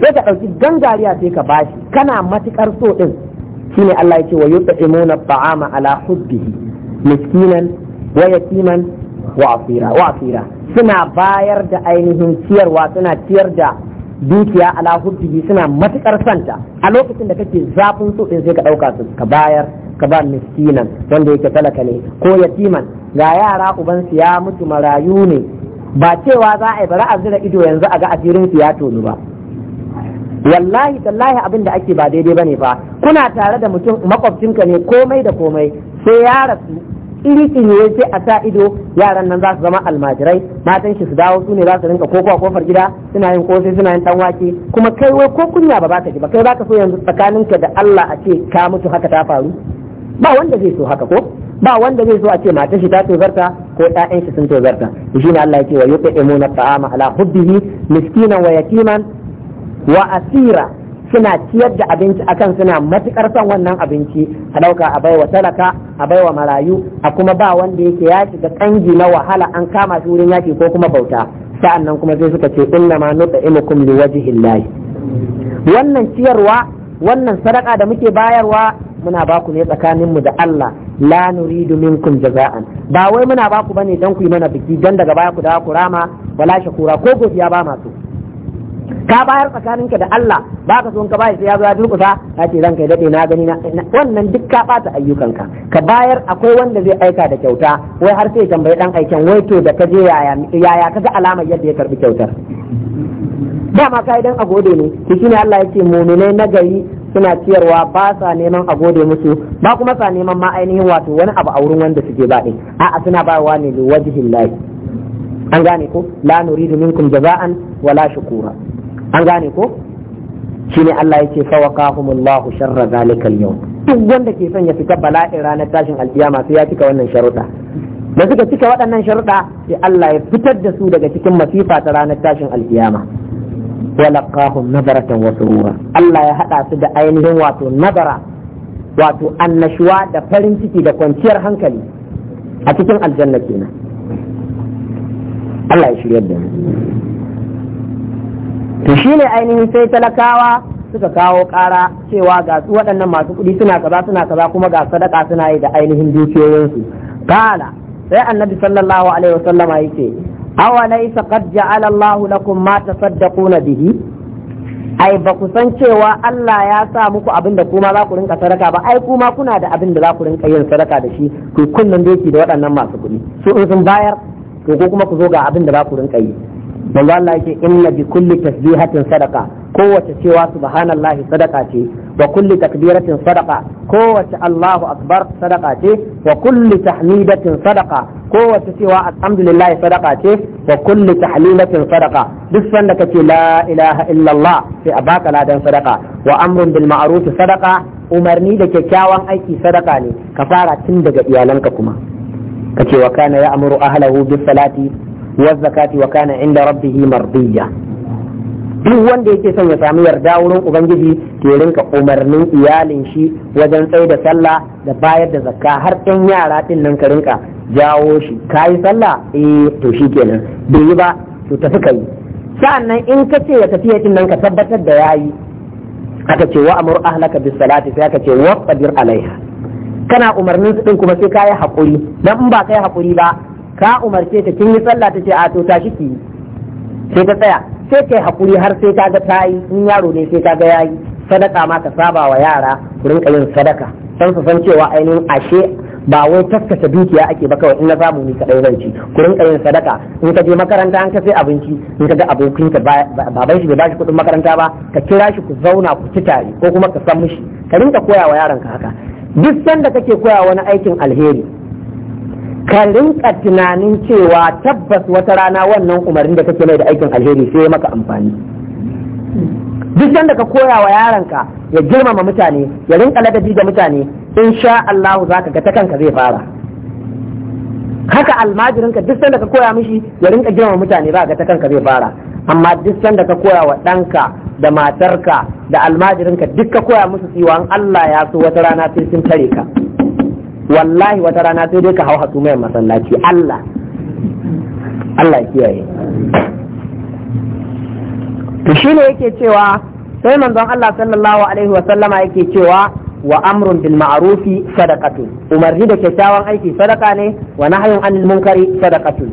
sai ka ɗauki gangariya sai ka bashi kana matukar so din? shine Allah ya ce wa imuna ta'ama ala hubbihi miskinan wa yatiman wa asira wa asira suna bayar da ainihin ciyarwa suna ciyar da dukiya ala hubbihi suna matukar santa a lokacin da kake zafin so din sai ka dauka su ka bayar ka ba miskinan wanda yake talaka ne ko yatiman ga yara uban su ya mutu marayu ne ba cewa za a yi bara a zira ido yanzu a ga asirin su ya tonu ba wallahi tallahi abin da ake ba daidai bane fa kuna tare da mutum makwabcinka ne komai da komai sai ya rasu iri ya ce a sa ido yaran nan za su zama almajirai matan shi su dawo su ne za su rinka koko a kofar gida suna yin kosai suna yin wake kuma kai wai ko kunya ba baka ji ba kai baka so yanzu tsakaninka da Allah a ce ka mutu haka ta faru ba wanda zai so haka ko ba wanda zai so a ce matar shi ta tozarta ko ɗayan shi sun tozarta shi ne Allah ya ce wa yuqimuna ta'ama ala hubbihi miskinan wa yatiman wa asira suna ciyar da abinci akan suna matukar son wannan abinci a dauka a baiwa talaka a baiwa marayu a kuma ba wanda yake ya shiga kangi na wahala an kama shi wurin yaki ko kuma bauta sa'an nan kuma sai suka ce inna ma nut'imukum liwajhillahi wannan ciyarwa wannan sadaka da muke bayarwa muna ba ku ne tsakanin mu da Allah la nuridu minkum jaza'an ba wai muna ba ku bane dan ku yi mana biki dan daga baya ku da ku rama wala shakura ko godiya ba masu ka bayar tsakaninka da Allah ba ka so ka bayar sai ya zo ya durkusa ya ce ranka ya dade na gani na wannan duk ka bata ayyukanka ka bayar akwai wanda zai aika da kyauta wai har sai tambayi dan aikin wai to da ka je yaya yaya ka ga alamar yadda ya karbi kyautar dama ka idan a gode ne shi ne Allah ya ce mu'minai nagari suna ciyarwa ba sa neman a gode musu ba kuma sa neman ma ainihin wato wani abu a wurin wanda suke ba a'a suna bayarwa ne liwajhillahi an gane ko la nuridu minkum jaza'an wala shukura an gane ko shine Allah ya ce fawaqahumullahu sharra zalikal yawm duk wanda ke son ya fita bala'in ranar tashin alkiyama sai ya cika wannan sharuɗa da suka cika waɗannan sharuɗa sai Allah ya fitar da su daga cikin masifa ta ranar tashin alkiyama walaqahum nadaratan wa surura Allah ya haɗa su da ainihin wato nadara wato annashuwa da farin ciki da kwanciyar hankali a cikin aljanna kenan Allah ya shiryar da mu to shi ne ainihin sai talakawa suka kawo kara cewa ga waɗannan masu kuɗi suna kaza suna kaza kuma ga sadaka suna yi da ainihin dukiyoyinsu kala sai annabi sallallahu alaihi wasallama yake awa laisa qad ja'ala Allahu lakum ma tasaddaquna bihi ai ba ku san cewa Allah ya sa muku abin da kuma za ku rinka sadaka ba ai kuma kuna da abin da za ku rinka yin sadaka da shi ku kullun doki da waɗannan masu kuɗi su in sun bayar ko kuma ku zo ga abin da za ku rinka yi manzo Allah yake inna bi kulli tasbihatin sadaqa kowace cewa subhanallahi sadaqa ce wa kulli takbiratin sadaqa kowace Allahu akbar sadaqa ce wa kulli tahmidatin sadaqa kowace cewa alhamdulillah sadaqa ce wa kulli tahlilatin sadaqa duk sanda kace la ilaha illallah sai a baka ladan sadaqa wa amrun bil ma'ruf sadaqa umarni da kyakkyawan aiki sadaqa ne ka fara tun daga iyalanka kuma kace wa kana ya'muru ahlahu bis salati wa zakati wa kana inda rabbihi mardiya duk wanda yake son ya samu yarda wurin ubangiji ke rinka umarnin iyalin shi wajen tsaye da sallah da bayar da zakka har ɗan yara ɗin nan ka rinka jawo shi kayi sallah eh to shi kenan bai yi ba to tafi yi. sa'annan in ka ce ya tafi ɗin nan ka tabbatar da yayi aka ce wa amur ahlaka bis salati sai aka ce wa qadir alaiha kana umarnin su kuma sai yi hakuri dan in ba ka yi hakuri ba ka umarce ta kin yi sallah ta ce a to tashi ki sai ta tsaya sai kai hakuri har sai ta ga tayi in yaro ne sai ta ga yayi sadaka ma ka saba wa yara ku rinka yin sadaka san su san cewa ainihin ashe ba wai taskace dukiya ake ba kawai in na samu ni kadai zan ci ku rinka yin sadaka in ka je makaranta an ka sai abinci in ka ga abokin ka baban shi bai bashi kuɗin makaranta ba ka kira shi ku zauna ku ci tare ko kuma ka san mishi ka rinka koya wa yaron ka haka duk sanda kake koya wani aikin alheri ka rinka tunanin cewa tabbas wata rana wannan umarnin da kake mai da aikin alheri sai ya maka amfani duk sanda ka koya wa yaranka ya girmama mutane ya rinka ladabi ga mutane insha Allah ka ga ta kanka zai fara haka almajirinka duk sanda ka koya mishi ya rinka girmama mutane za ka ga ta kanka zai fara amma duk sanda ka koya wa ɗanka da matarka da almajirinka duk ka koya musu cewa Allah ya so wata rana sai sun tare ka wallahi wata rana sai dai ka hau hatsu mai masallaci Allah Allah kiyaye to shine yake cewa sai manzon Allah sallallahu alaihi wa sallama yake cewa wa amrun bil ma'rufi sadaqatu umarni da kyakkyawan aiki sadaka ne wa nahyun anil munkari sadaqatu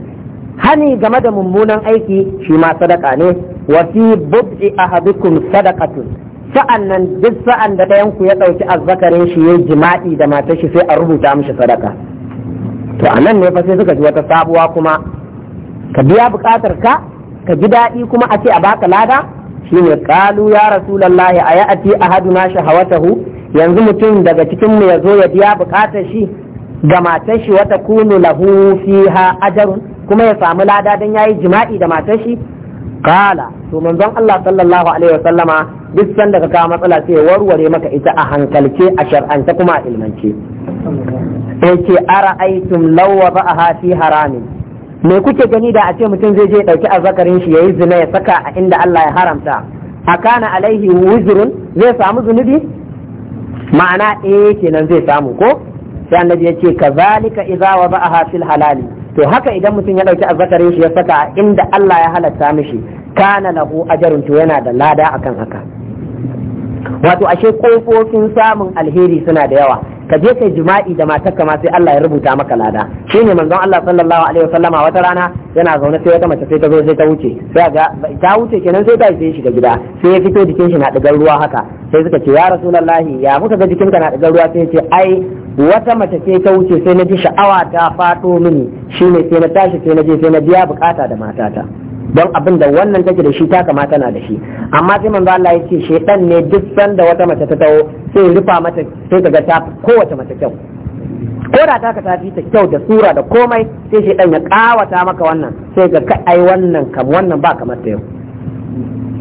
hani game da mummunan aiki shi ma sadaka ne wa fi bub'i ahadukum sadaqatu sa'an nan duk sa'an da ɗayan ku ya ɗauki azzakarin shi ya jima'i da matar shi sai a rubuta mishi sadaka to a nan ne fa sai suka ji wata sabuwa kuma ka biya buƙatar ka ka ji daɗi kuma a ce a baka lada Shi ne ƙalu ya rasu lallahi a ya'ati ahaduna shahawatahu yanzu mutum daga cikin mu ya zo ya biya buƙatar shi ga matar shi wata kunu lahu fiha ajrun kuma ya samu lada dan yayi jima'i da matar shi kala to manzon Allah sallallahu alaihi wa sallama, duk sanda ka matsala sai warware maka ita a hankalce a shar'ance kuma a ilmance ara aitum law ba'aha fi harami. me kuke gani da a ce mutum zai je dauki azzakarin shi yayi zina ya saka a inda Allah ya haramta akana alaihi wuzrun zai samu zunubi ma'ana eh kenan zai samu ko sai annabi yace kazalika idza ba'aha fil halali to haka idan mutum ya ɗauki azzakarin shi ya saka inda Allah ya halatta mishi kana lahu ajarin to yana da lada akan haka wato ashe kofofin samun alheri suna da yawa ka je kai jima'i da matarka ma sai Allah ya rubuta maka lada shine manzon Allah sallallahu alaihi wasallama wata rana yana zaune sai wata mace sai ta zo sai ta wuce sai ga ta wuce kenan sai ta shi da gida sai ya fito jikin shi na digar ruwa haka sai suka ce ya rasulullahi ya muka ga jikinka na digar ruwa sai ya ce ai wata mace sai ta wuce sai na ji sha'awa ta fato mini shine sai na tashi sai na je sai na biya bukata da matata don abin da wannan take da shi ta kamata na da shi amma sai manzo Allah ya ce shedan ne duk sanda wata mace ta taho sai rufa mata sai kaga ta kowace mace kyau ko da ta ta ta kyau da sura da komai sai shedan ya kawata maka wannan sai ga kai ai wannan kam wannan ba kamar ta yau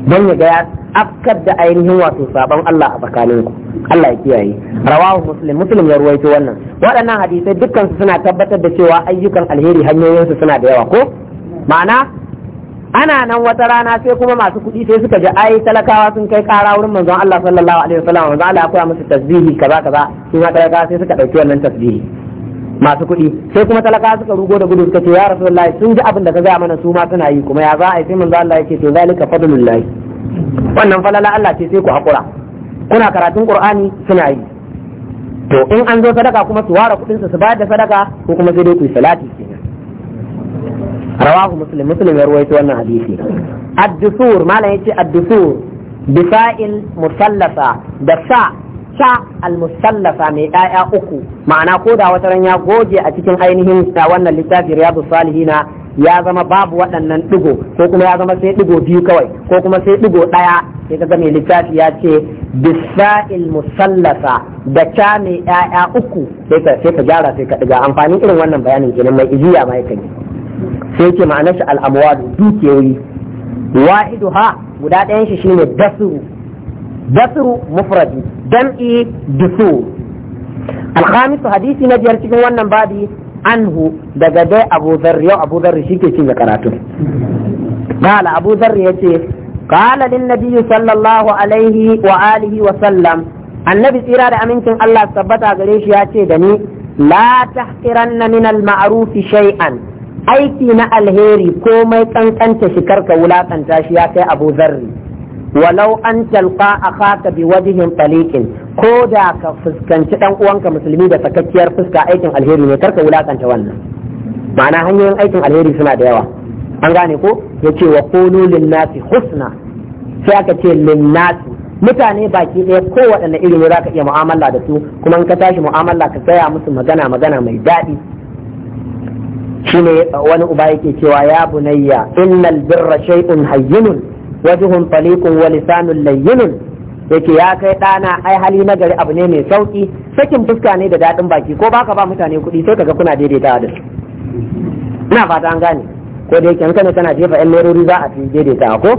don ya ga ya afkar da ainihin wato sabon Allah a ku Allah ya kiyaye rawahu muslim muslim ya ruwaito wannan waɗannan hadisai dukkan su suna tabbatar da cewa ayyukan alheri hanyoyin su suna da yawa ko ma'ana ana nan wata rana sai kuma masu kuɗi sai suka ji ai talakawa sun kai ƙara wurin manzon Allah sallallahu alaihi wasallam manzon Allah ya koya musu tasbihi kaza kaza sun ma talakawa sai suka ɗauki wannan tasbihi masu kuɗi sai kuma talaka suka rugo da gudu suka ce ya rasulullahi sun ji abin da ka gaya mana su ma suna yi kuma ya za a yi sai manzo Allah yake to zalika fadlullahi wannan falala Allah ce sai ku hakura kuna karatun qur'ani suna yi to in an zo sadaka kuma su ware kuɗin su su bayar da sadaka ko kuma sai dai ku salati rawahu muslim muslim ya ruwaito wannan hadisi ad-dusur malam yace ad-dusur bisa'il musallasa da sa ta almusallafa mai ɗaya uku ma'ana ko da wata ran ya goge a cikin ainihin wannan littafi riyadu salihina ya zama babu waɗannan ɗigo ko kuma ya zama sai ɗigo biyu kawai ko kuma sai ɗigo ɗaya sai ka zama littafi ya ce bisa'il musallasa da ta mai ɗaya uku sai ka gyara sai ka ɗiga amfanin irin wannan bayanin kenan mai ijiya ma yakan sai ke ma'anar shi da dukiyoyi wa'idu ha guda ɗayan shi shine dasuru basru mufradi jam'i dusu alhamisu hadisi na biyar cikin wannan babi anhu daga dai abu zarri yau abu zarri shi ke cinye karatu kala abu zarri ya ce kala lin nabiyyu sallallahu alaihi wa alihi wa sallam annabi tsira da amincin Allah tabbata gare shi ya ce da ni la tahqiranna min al ma'rufi shay'an aiki na alheri komai kankanta shi karka wulakanta shi ya kai abu zarri walau an a akhaka bi wajhin taliqin ko da ka fuskanci dan uwanka musulmi da sakakkiyar fuska aikin alheri ne karka wulakanta wannan ma'ana hanyoyin aikin alheri suna da yawa an gane ko yace wa qulu lin nasi husna sai aka ce lin nasi mutane baki ɗaya kowaɗanne iri ne zaka iya mu'amala da su kuma in ka tashi mu'amala ka gaya musu magana magana mai daɗi shine wani uba yake cewa ya bunayya innal birra shay'un hayyinun wajuhun falikun wa lisanun layyinun yake ya kai ɗana ai hali na gari abu ne mai sauki sakin fuska ne da daɗin baki ko baka ba mutane kuɗi sai kaga kuna daidaitawa da su ina fata an gane ko da yake kana kana jefa yan lerori za a fi daidaita ko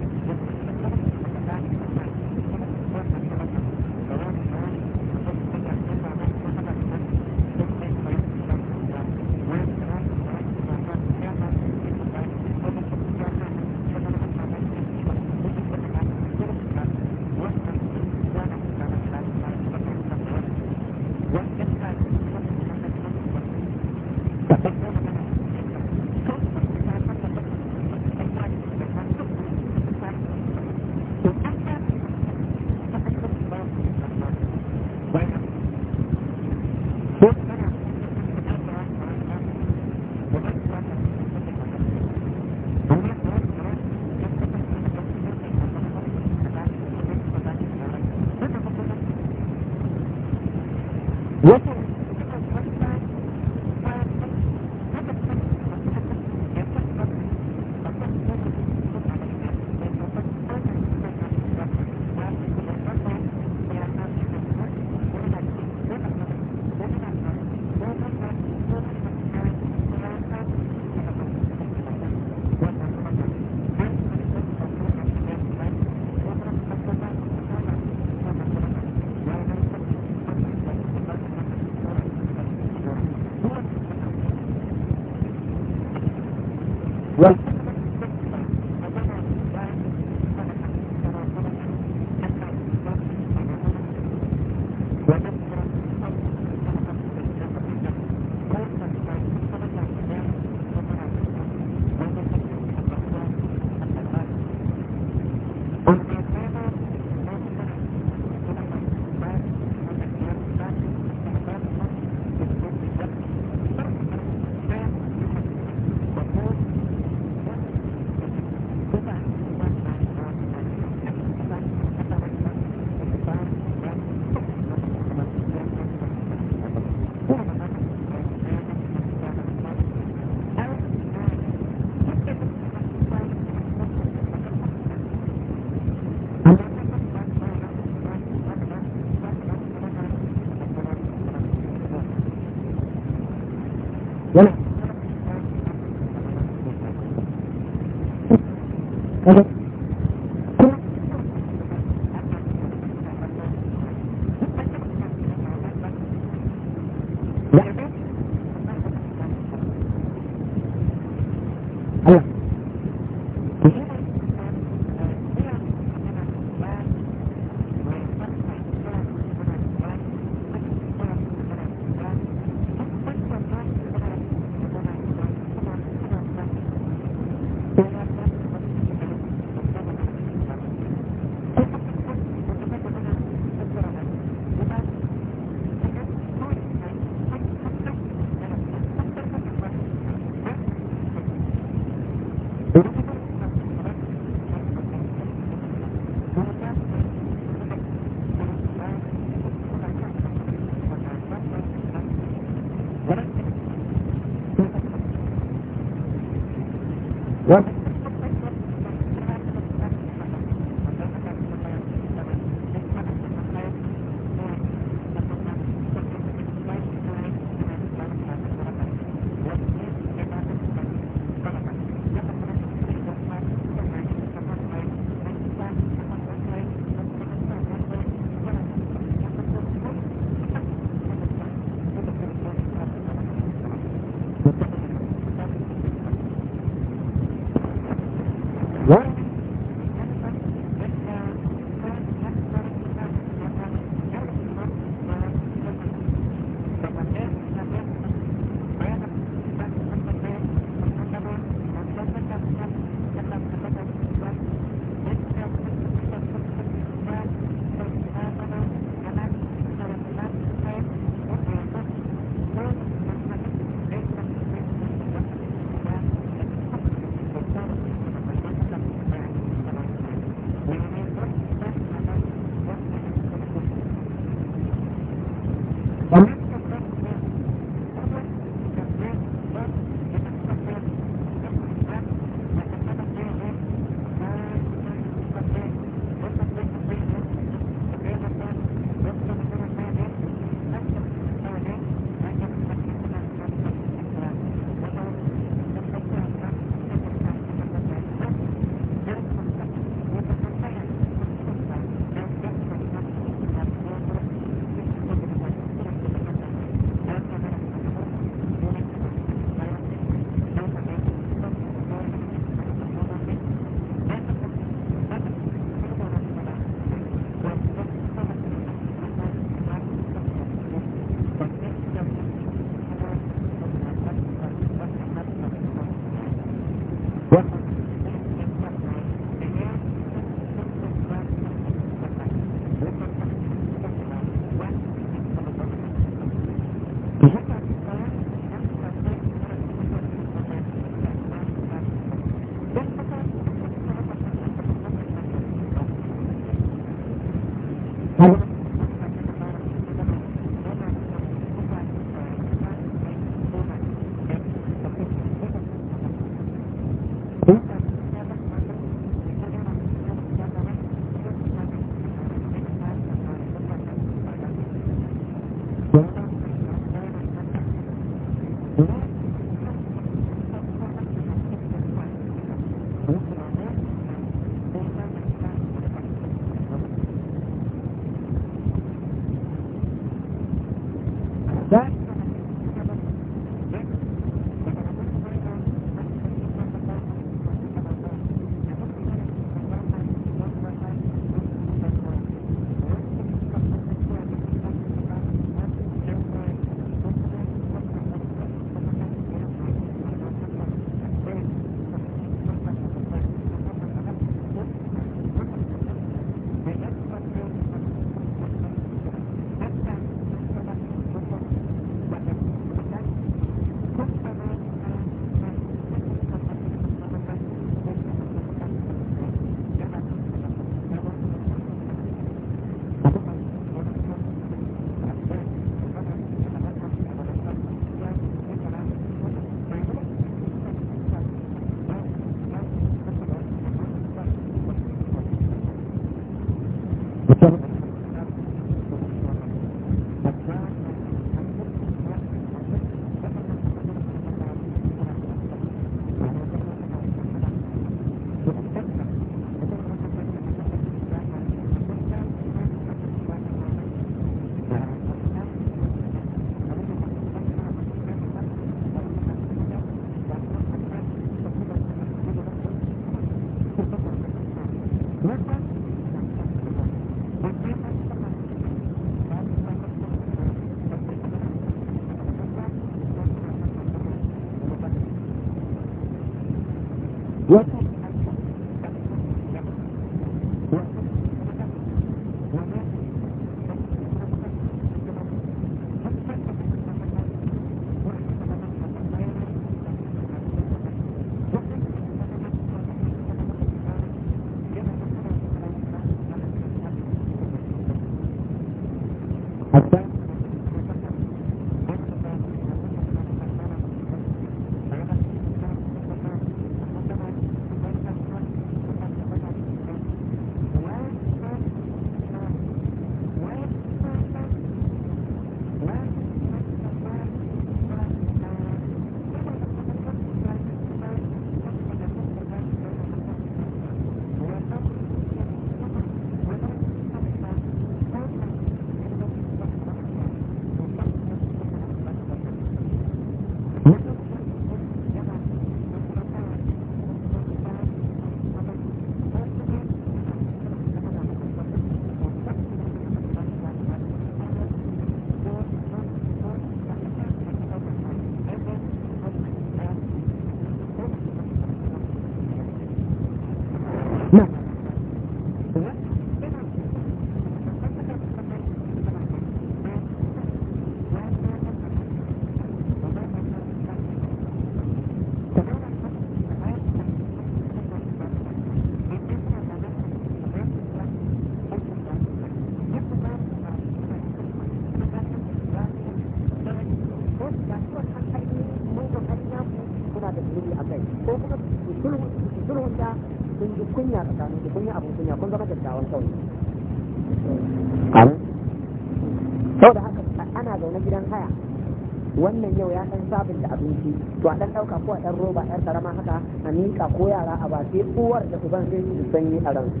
to a dan dauka ko a dan roba dan karama haka a mika ko yara a ba sai uwar da uban zai su sanyi a ransu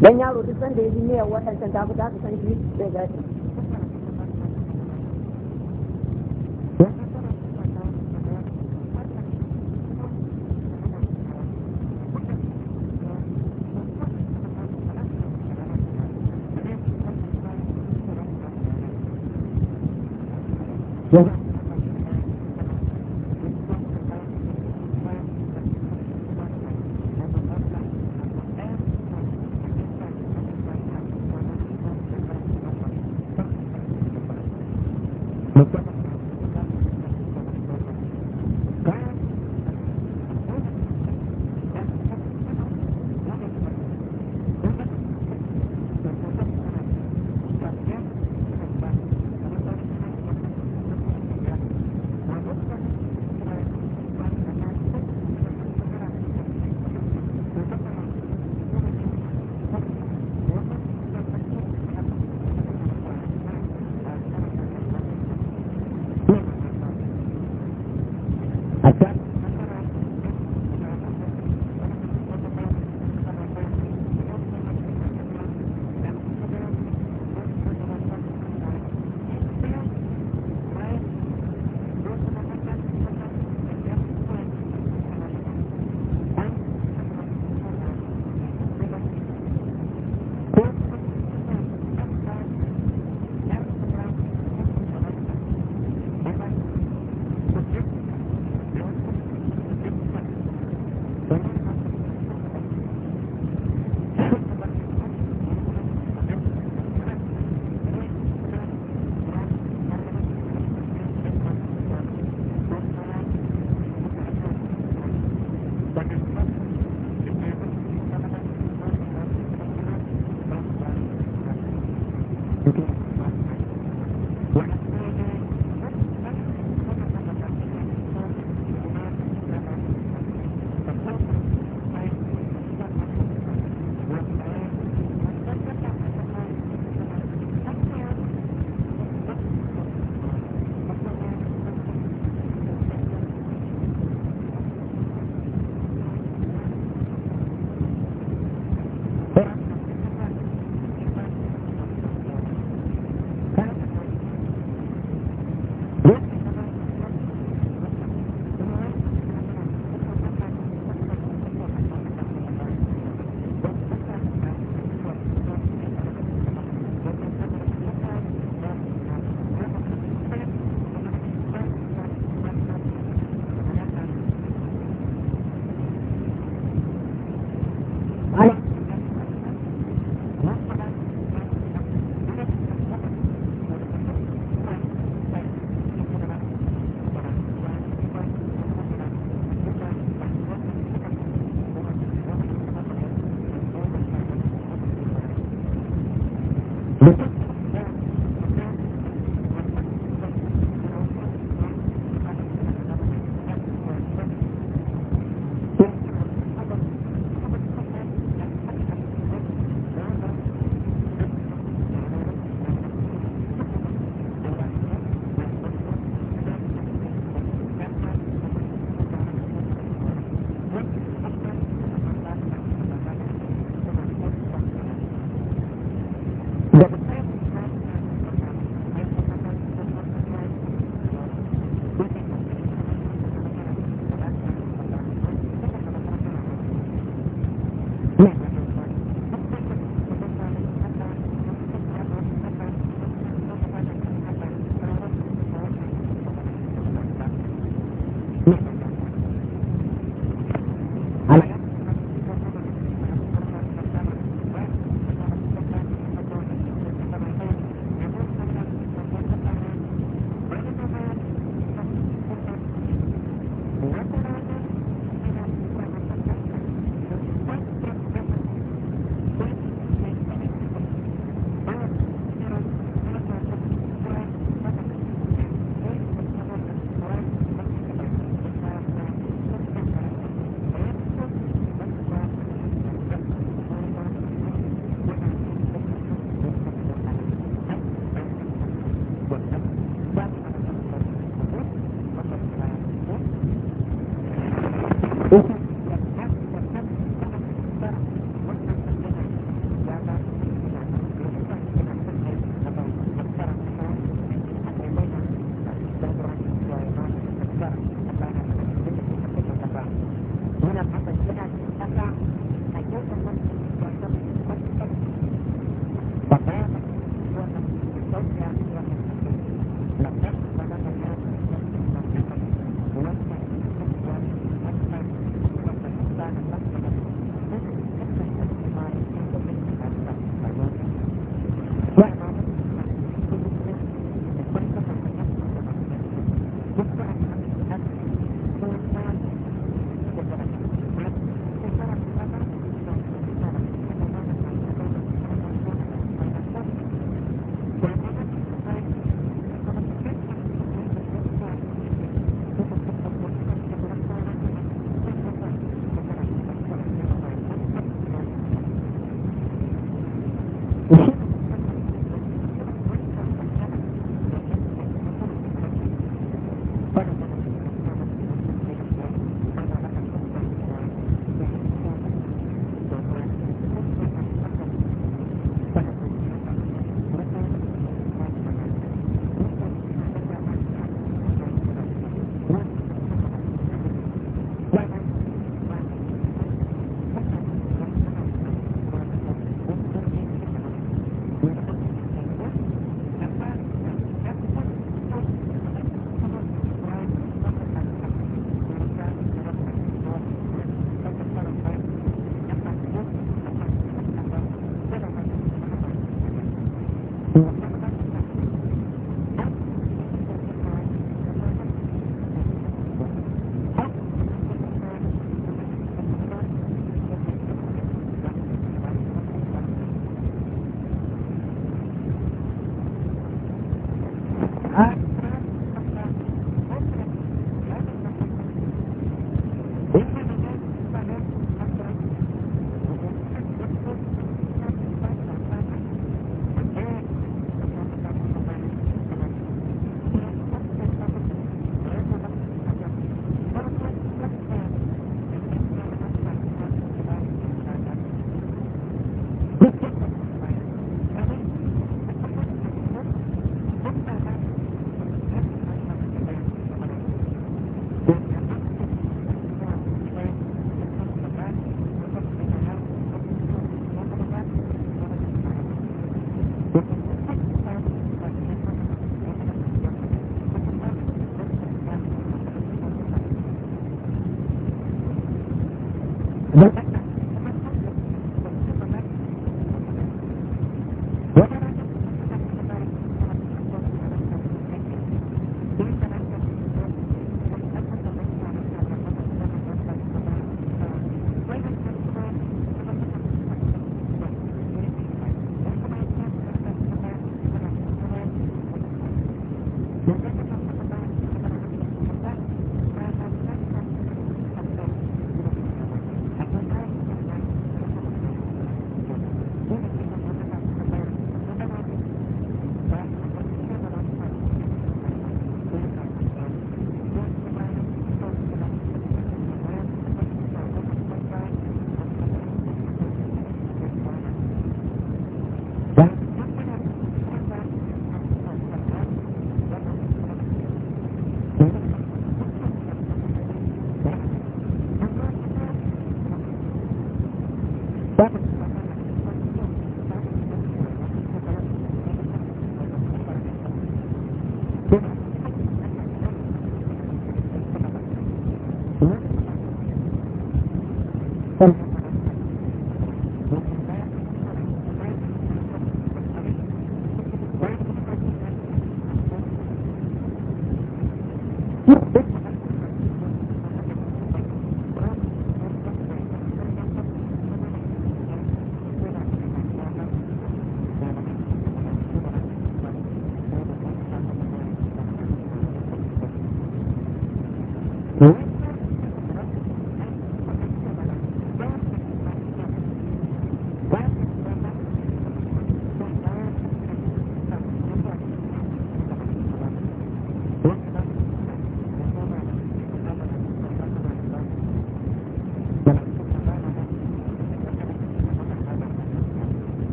dan yaro duk sanda ya ji miyar waɗancan ta fi ta san shi zai ga attack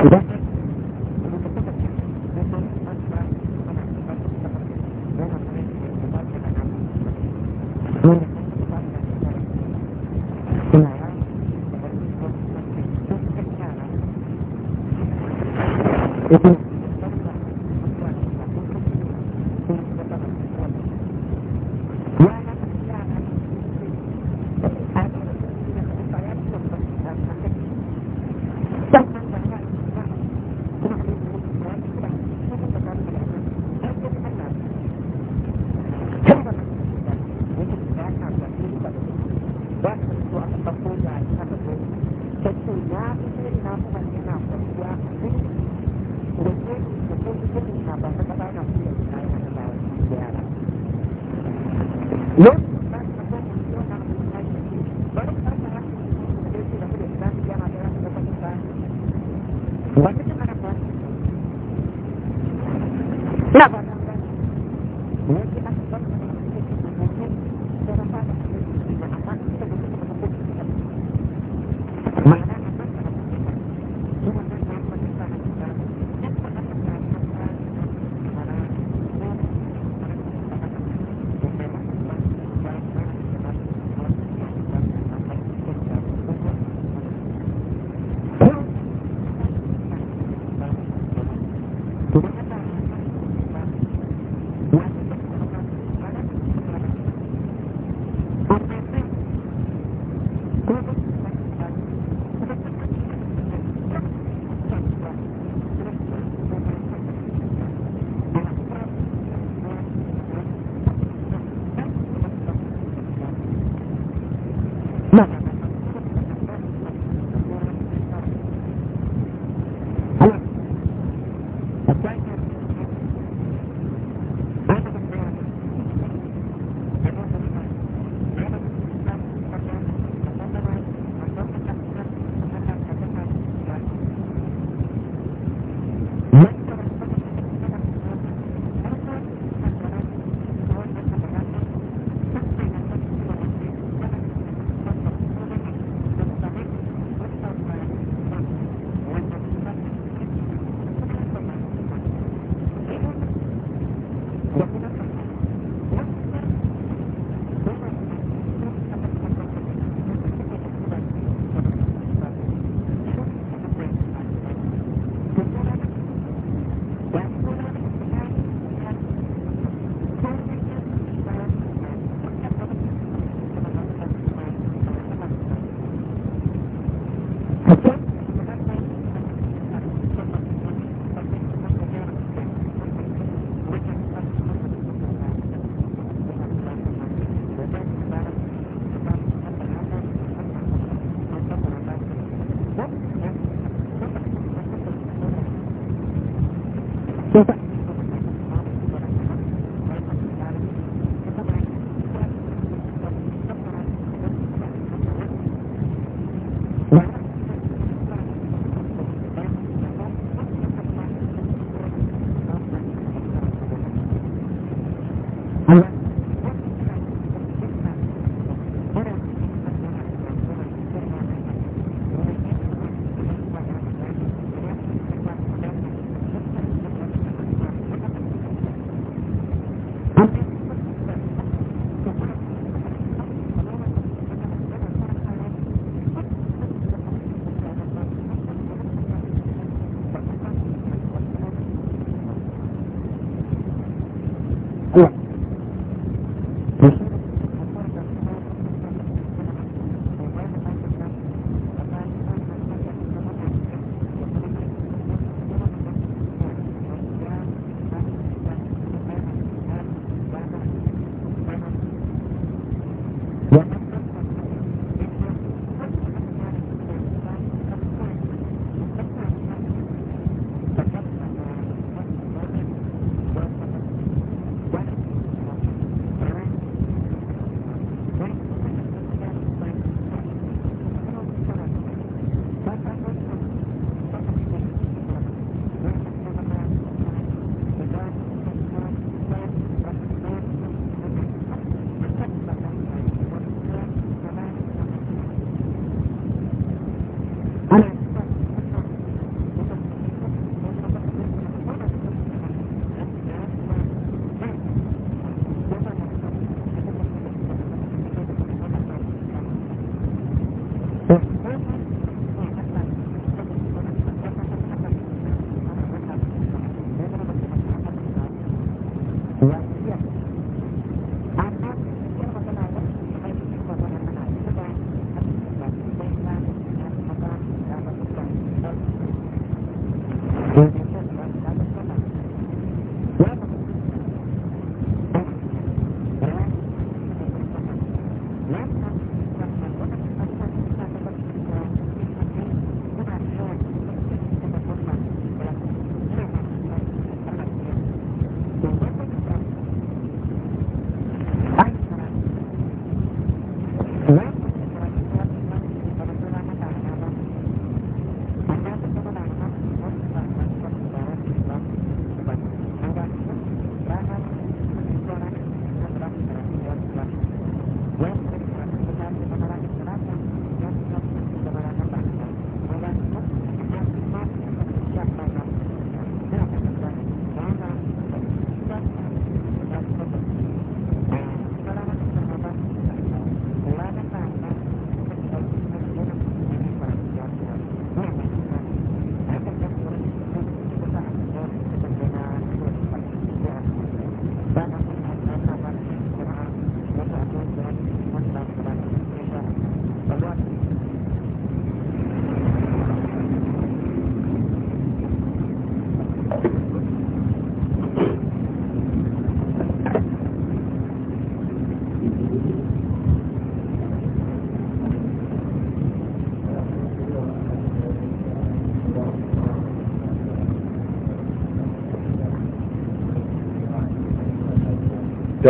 Is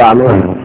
àánú rẹ̀.